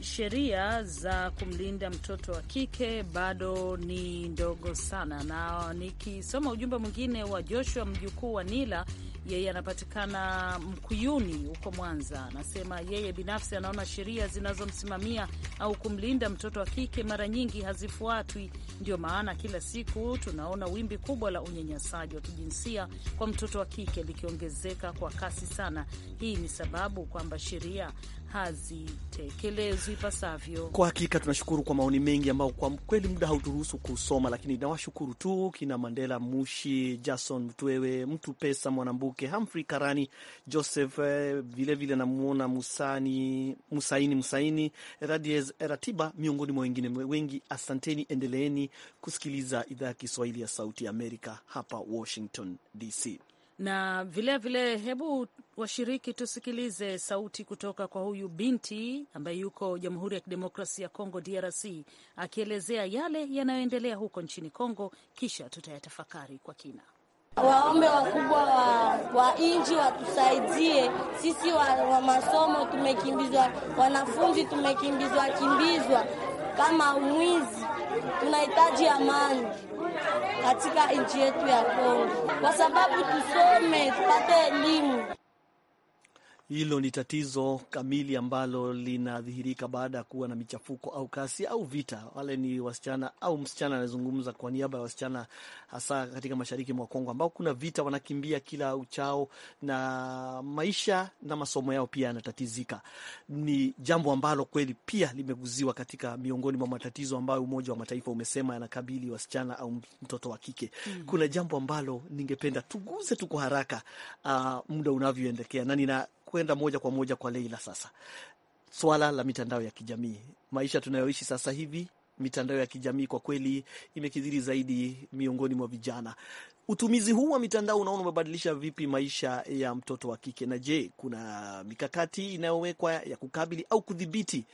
sheria za kumlinda mtoto wa kike bado ni ndogo sana. Na nikisoma ujumbe mwingine wa Joshua mjukuu wa Nila, yeye anapatikana Mkuyuni huko Mwanza, anasema yeye binafsi anaona sheria zinazomsimamia au kumlinda mtoto wa kike mara nyingi hazifuatwi. Ndio maana kila siku tunaona wimbi kubwa la unyanyasaji wa kijinsia kwa mtoto wa kike likiongezeka kwa kasi sana. Hii ni sababu kwamba sheria hazitekelezwi ipasavyo. Kwa hakika tunashukuru kwa maoni mengi ambayo kwa kweli muda hauturuhusu kusoma, lakini nawashukuru tu kina Mandela Mushi, Jason Mtwewe, Mtu Pesa Mwanambuke, Humphrey Karani, Joseph eh, vilevile, namwona Musani Musaini Musaini, Radies Ratiba, miongoni mwa wengine wengi. Asanteni, endeleeni kusikiliza idhaa ya Kiswahili ya Sauti ya Amerika hapa Washington DC na vilevile vile, hebu washiriki tusikilize sauti kutoka kwa huyu binti ambaye yuko Jamhuri ya Kidemokrasia ya Kongo, DRC, akielezea yale yanayoendelea huko nchini Kongo, kisha tutayatafakari kwa kina. Waombe wakubwa wa, wa nchi watusaidie sisi wa, wa masomo tumekimbizwa, wanafunzi tumekimbizwa kimbizwa kama mwizi, tunahitaji amani katika nchi yetu ya Kongo, kwa sababu tusome tupate elimu. Hilo ni tatizo kamili ambalo linadhihirika baada ya kuwa na michafuko au kasi au vita. Wale ni wasichana au msichana anazungumza kwa niaba ya wasichana, hasa katika mashariki mwa Kongo ambao kuna vita, wanakimbia kila uchao na maisha na masomo yao pia yanatatizika. Ni jambo ambalo kweli pia limeguziwa katika miongoni mwa matatizo ambayo Umoja wa Mataifa umesema yanakabili wasichana au mtoto wa kike. Mm. Kuna jambo ambalo ningependa tuguze tu kwa haraka, uh, muda unavyoendekea na nina kwenda moja kwa moja kwa Leila sasa, swala la mitandao ya kijamii, maisha tunayoishi sasa hivi mitandao ya kijamii kwa kweli imekidhiri zaidi miongoni mwa vijana. Utumizi huu wa mitandao unaona umebadilisha vipi maisha ya mtoto wa kike, na je, kuna mikakati inayowekwa ya kukabili au kudhibiti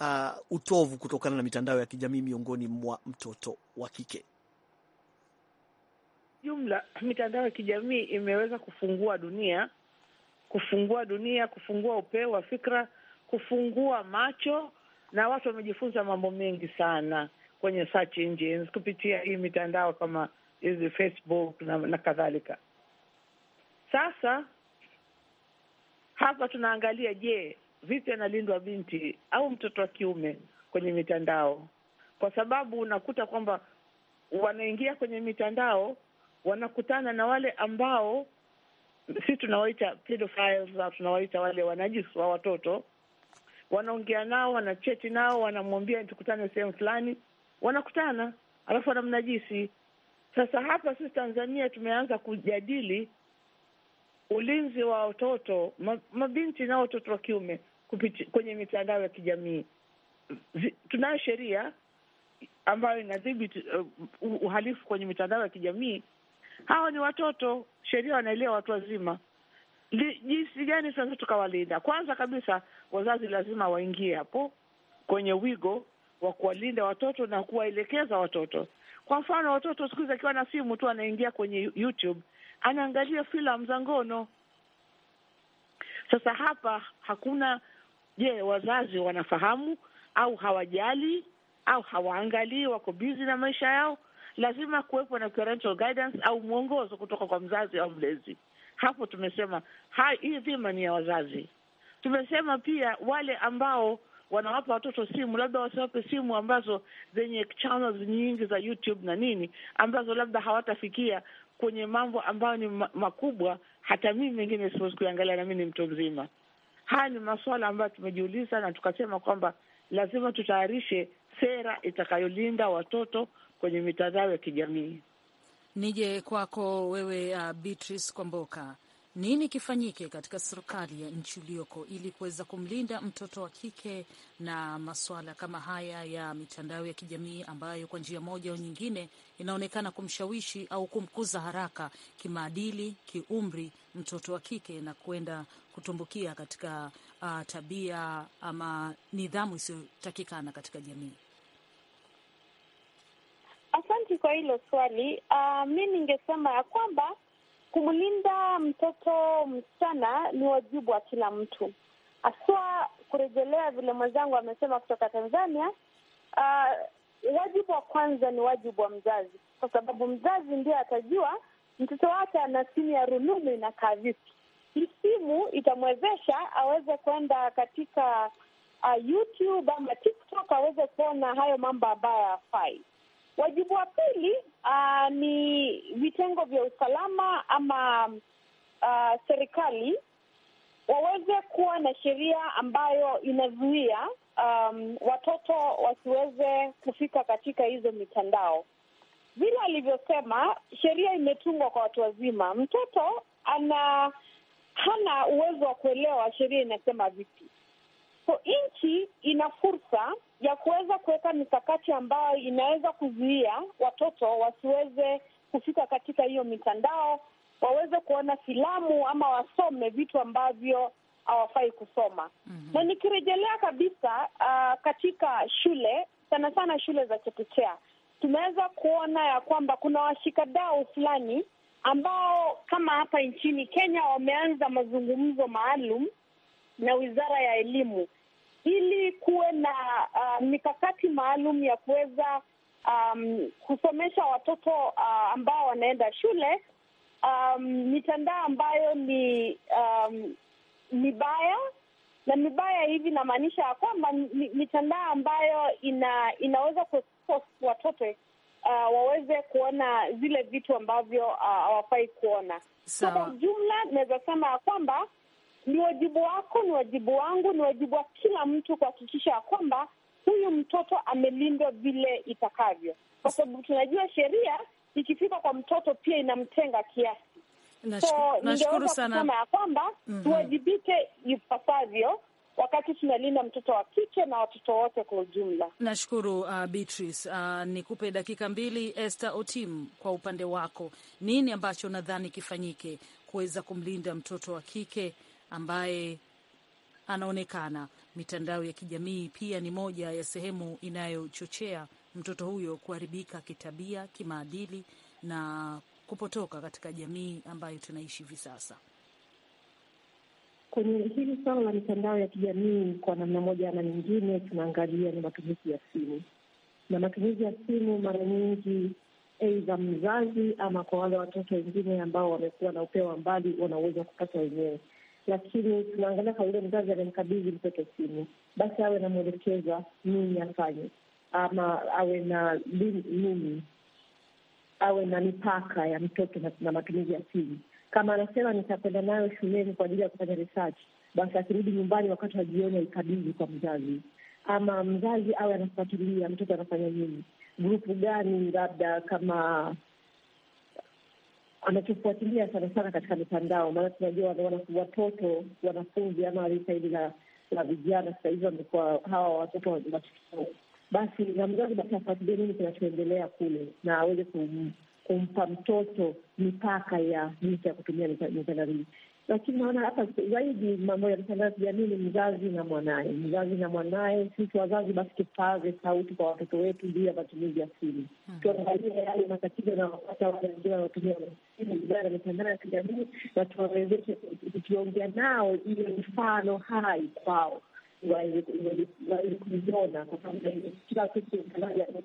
uh, utovu kutokana na mitandao ya kijamii miongoni mwa mtoto wa kike? Jumla mitandao ya kijamii imeweza kufungua dunia kufungua dunia, kufungua upeo wa fikra, kufungua macho, na watu wamejifunza mambo mengi sana kwenye search engines kupitia hii mitandao kama hizi Facebook na, na kadhalika. Sasa hapa tunaangalia, je, vipi analindwa binti au mtoto wa kiume kwenye mitandao? Kwa sababu unakuta kwamba wanaingia kwenye mitandao wanakutana na wale ambao si tunawaita pedophiles tunawaita wale wanajisi wa watoto, wanaongea nao, wanacheti nao, wanamwambia tukutane sehemu fulani, wanakutana alafu wanamnajisi. Sasa hapa sisi Tanzania tumeanza kujadili ulinzi wa watoto mabinti na watoto wa kiume kwenye mitandao ya kijamii. Tunayo sheria ambayo inadhibiti uh, uhalifu kwenye mitandao ya kijamii Hawa ni watoto, sheria wanaelewa watu wazima. Jinsi gani sasa tukawalinda? Kwanza kabisa, wazazi lazima waingie hapo kwenye wigo wa kuwalinda watoto na kuwaelekeza watoto. Kwa mfano, watoto siku hizi akiwa na simu tu anaingia kwenye YouTube anaangalia filamu za ngono. Sasa hapa hakuna je, wazazi wanafahamu au hawajali au hawaangalii, wako bizi na maisha yao? lazima kuwepo na parental guidance au mwongozo kutoka kwa mzazi au mlezi. Hapo tumesema hii dhima ni ya wazazi. Tumesema pia wale ambao wanawapa watoto simu, labda wasiwape simu ambazo zenye channels nyingi za YouTube na nini, ambazo labda hawatafikia kwenye mambo ambayo ni makubwa. Hata mimi mengine siwezi kuangalia, na mimi ni mtu mzima. Haya ni masuala ambayo tumejiuliza na tukasema kwamba lazima tutayarishe sera itakayolinda watoto kwenye mitandao ya kijamii. Nije kwako wewe uh, Beatrice Kwamboka, nini kifanyike katika serikali ya nchi uliyoko ili kuweza kumlinda mtoto wa kike na masuala kama haya ya mitandao ya kijamii ambayo kwa njia moja au nyingine inaonekana kumshawishi au kumkuza haraka kimaadili, kiumri mtoto wa kike na kwenda kutumbukia katika uh, tabia ama nidhamu isiyotakikana katika jamii? Asante kwa hilo swali. Uh, mi ningesema ya kwamba kumlinda mtoto msichana ni wajibu wa kila mtu, haswa kurejelea vile mwenzangu amesema kutoka Tanzania. Uh, wajibu wa kwanza ni wajibu wa mzazi, kwa sababu mzazi ndiye atajua mtoto wake ana simu ya rununu inakaa vipi. Hii simu itamwezesha aweze kwenda katika uh, YouTube ama TikTok aweze kuona hayo mambo ambayo hayafai. Wajibu wa pili uh, ni vitengo vya usalama ama uh, serikali waweze kuwa na sheria ambayo inazuia um, watoto wasiweze kufika katika hizo mitandao. Vile alivyosema, sheria imetungwa kwa watu wazima. Mtoto ana hana uwezo wa kuelewa sheria inasema vipi. So nchi ina fursa ya kuweza kuweka mikakati ambayo inaweza kuzuia watoto wasiweze kufika katika hiyo mitandao, waweze kuona filamu ama wasome vitu ambavyo hawafai kusoma. mm -hmm. Na nikirejelea kabisa uh, katika shule sana sana shule za chekechea tumeweza kuona ya kwamba kuna washikadau fulani ambao kama hapa nchini Kenya wameanza mazungumzo maalum na Wizara ya Elimu ili kuwe na uh, mikakati maalum ya kuweza um, kusomesha watoto uh, ambao wanaenda shule um, mitandao ambayo ni um, mibaya na mibaya hivi inamaanisha ya kwamba mitandao ambayo ina, inaweza kuexpose watoto uh, waweze kuona zile vitu ambavyo uh, hawafai uh, kuona. So, kwa ujumla naweza sema ya kwamba ni wajibu wako, ni wajibu wangu, ni wajibu wa kila mtu kuhakikisha ya kwamba huyu mtoto amelindwa vile itakavyo, kwa sababu tunajua sheria ikifika kwa mtoto pia inamtenga kiasi. So ningeweza kusema ya kwamba mm -hmm. tuwajibike ipasavyo wakati tunalinda mtoto wa kike na watoto wote kwa ujumla. Nashukuru uh, Beatrice. Uh, nikupe dakika mbili Esther Otim, kwa upande wako nini ambacho nadhani kifanyike kuweza kumlinda mtoto wa kike ambaye anaonekana. Mitandao ya kijamii pia ni moja ya sehemu inayochochea mtoto huyo kuharibika kitabia, kimaadili na kupotoka katika jamii ambayo tunaishi hivi sasa. Kwenye hili swala la mitandao ya kijamii, kwa namna moja ama nyingine, tunaangalia ni matumizi ya simu, na matumizi ya simu mara nyingi aidha mzazi ama kwa wale watoto wengine ambao wamekuwa na upeo wa mbali wanaweza kupata wenyewe lakini tunaangalia kwa mzazi anamkabidhi mtoto simu, basi awe anamwelekeza nini afanye, ama awe na nini, awe na mipaka ya mtoto na, na matumizi ya simu. Kama anasema nitakwenda nayo shuleni kwa ajili ya kufanya research, basi akirudi nyumbani wakati wa jioni aikabidhi kwa mzazi, ama mzazi awe anafuatilia mtoto anafanya nini, grupu gani, labda kama anachofuatilia sana sana katika mitandao, maana tunajua watoto, wanafunzi ama rika hili la vijana sasa hivi wamekuwa hawa watoto wa basi na mzazi basi afuatilie nini kinachoendelea kule na aweze kum kumpa mtoto mipaka ya jinsi ya kutumia mitandao lakini naona hapa zaidi mambo ya mitandao ya kijamii ni mzazi na mwanaye, mzazi na mwanaye. Sisi wazazi basi tupaze sauti kwa watoto wetu juu ya matumizi ya simu, hmm. tuangalie yale matatizo yanawapata wale wengine wanaotumia simu vibaya na mitandao ya kijamii, na tuwawezeshe, tukiongea nao iwe mfano hai kwao waweze kuiona kwa sababu kila kitu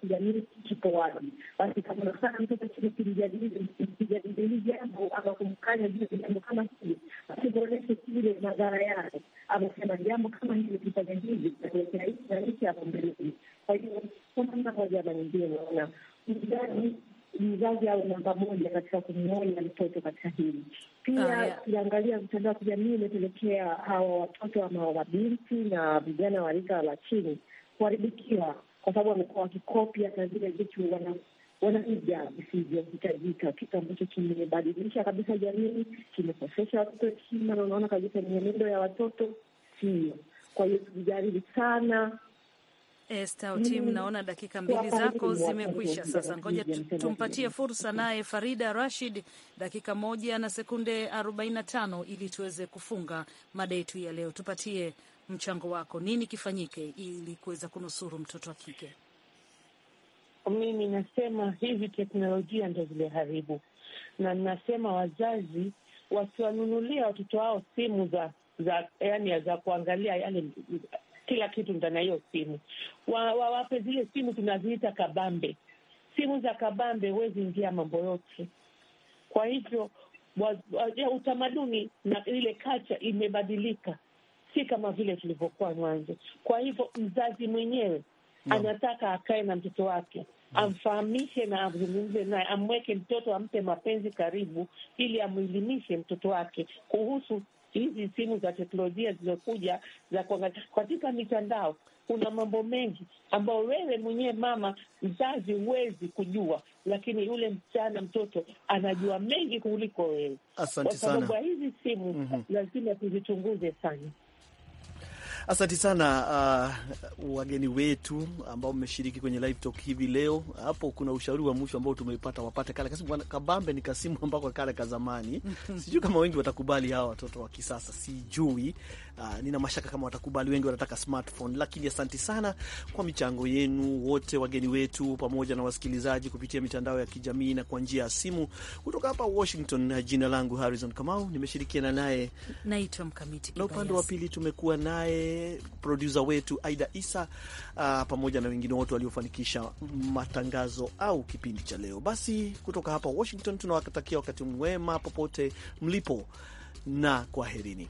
kijamii kipo wazi. Basi kama unafanya mtoto chini kumjadili hili jambo ama kumkanya juu ya jambo kama hili, basi kuonyeshe kile madhara yake, ama sema jambo kama hili ukifanya hivi itakuletea hiki na hiki hapo mbeleni. Kwa hiyo kwa namna moja ama nyingine, naona ujani mzazi au namba moja katika kumwonya mtoto katika hili. Pia ah, ukiangalia mtandao wa kijamii imepelekea hawa watoto ama wabinti na vijana wa rika la chini kuharibikiwa, kwa sababu wamekuwa wakikopia na zile vitu wana wanaiga visivyohitajika, kitu ambacho kimebadilisha kabisa jamii, kimekosesha watoto heshima, na unaona kabisa mienendo ya watoto sio Kwa hiyo tujaribu sana Estautim, naona dakika mbili zako zimekwisha. Sasa ngoja tumpatie fursa naye Farida Rashid dakika moja na sekunde 45 ili tuweze kufunga mada yetu ya leo. Tupatie mchango wako, nini kifanyike ili kuweza kunusuru mtoto wa kike? Mimi nasema hizi teknolojia ndo ziliharibu, na nasema wazazi wasiwanunulia watoto wao simu za za yani za kuangalia yale kila kitu ndani ya hiyo simu. Wawape wa zile simu tunaziita kabambe, simu za kabambe, huwezi ingia mambo yote. Kwa hivyo wa, wa, utamaduni na ile kacha imebadilika, si kama vile tulivyokuwa mwanzo. Kwa hivyo mzazi mwenyewe no. anataka akae na mtoto wake amfahamishe na azungumze naye, amweke mtoto, ampe mapenzi karibu, ili amwelimishe mtoto wake kuhusu hizi simu za teknolojia zilizokuja za kuangalia katika mitandao. Kuna mambo mengi ambayo wewe mwenyewe mama mzazi huwezi kujua, lakini yule msichana mtoto anajua mengi kuliko wewe. Asante sana. Kwa sababu ya hizi simu mm -hmm. lazima tuzichunguze sana. Asante sana uh, wageni wetu ambao mmeshiriki kwenye live talk hivi leo. Hapo kuna ushauri wa mwisho ambao tumeipata, wapate kale kasimu kabambe, ni kasimu ambako kale ka zamani sijui kama wengi watakubali hawa watoto wa kisasa sijui. Uh, nina mashaka kama watakubali, wengi wanataka smartphone. Lakini asante sana kwa michango yenu wote, wageni wetu pamoja na wasikilizaji kupitia mitandao ya kijamii na kwa njia ya simu. Kutoka hapa Washington, jina langu Harrison Kamau, nimeshirikiana naye naitwa Mkamiti, na upande wa pili tumekuwa naye producer wetu Aida Isa uh, ah, pamoja na wengine wote waliofanikisha matangazo au kipindi cha leo. Basi kutoka hapa Washington tunawatakia wakati mwema popote mlipo na kwaherini.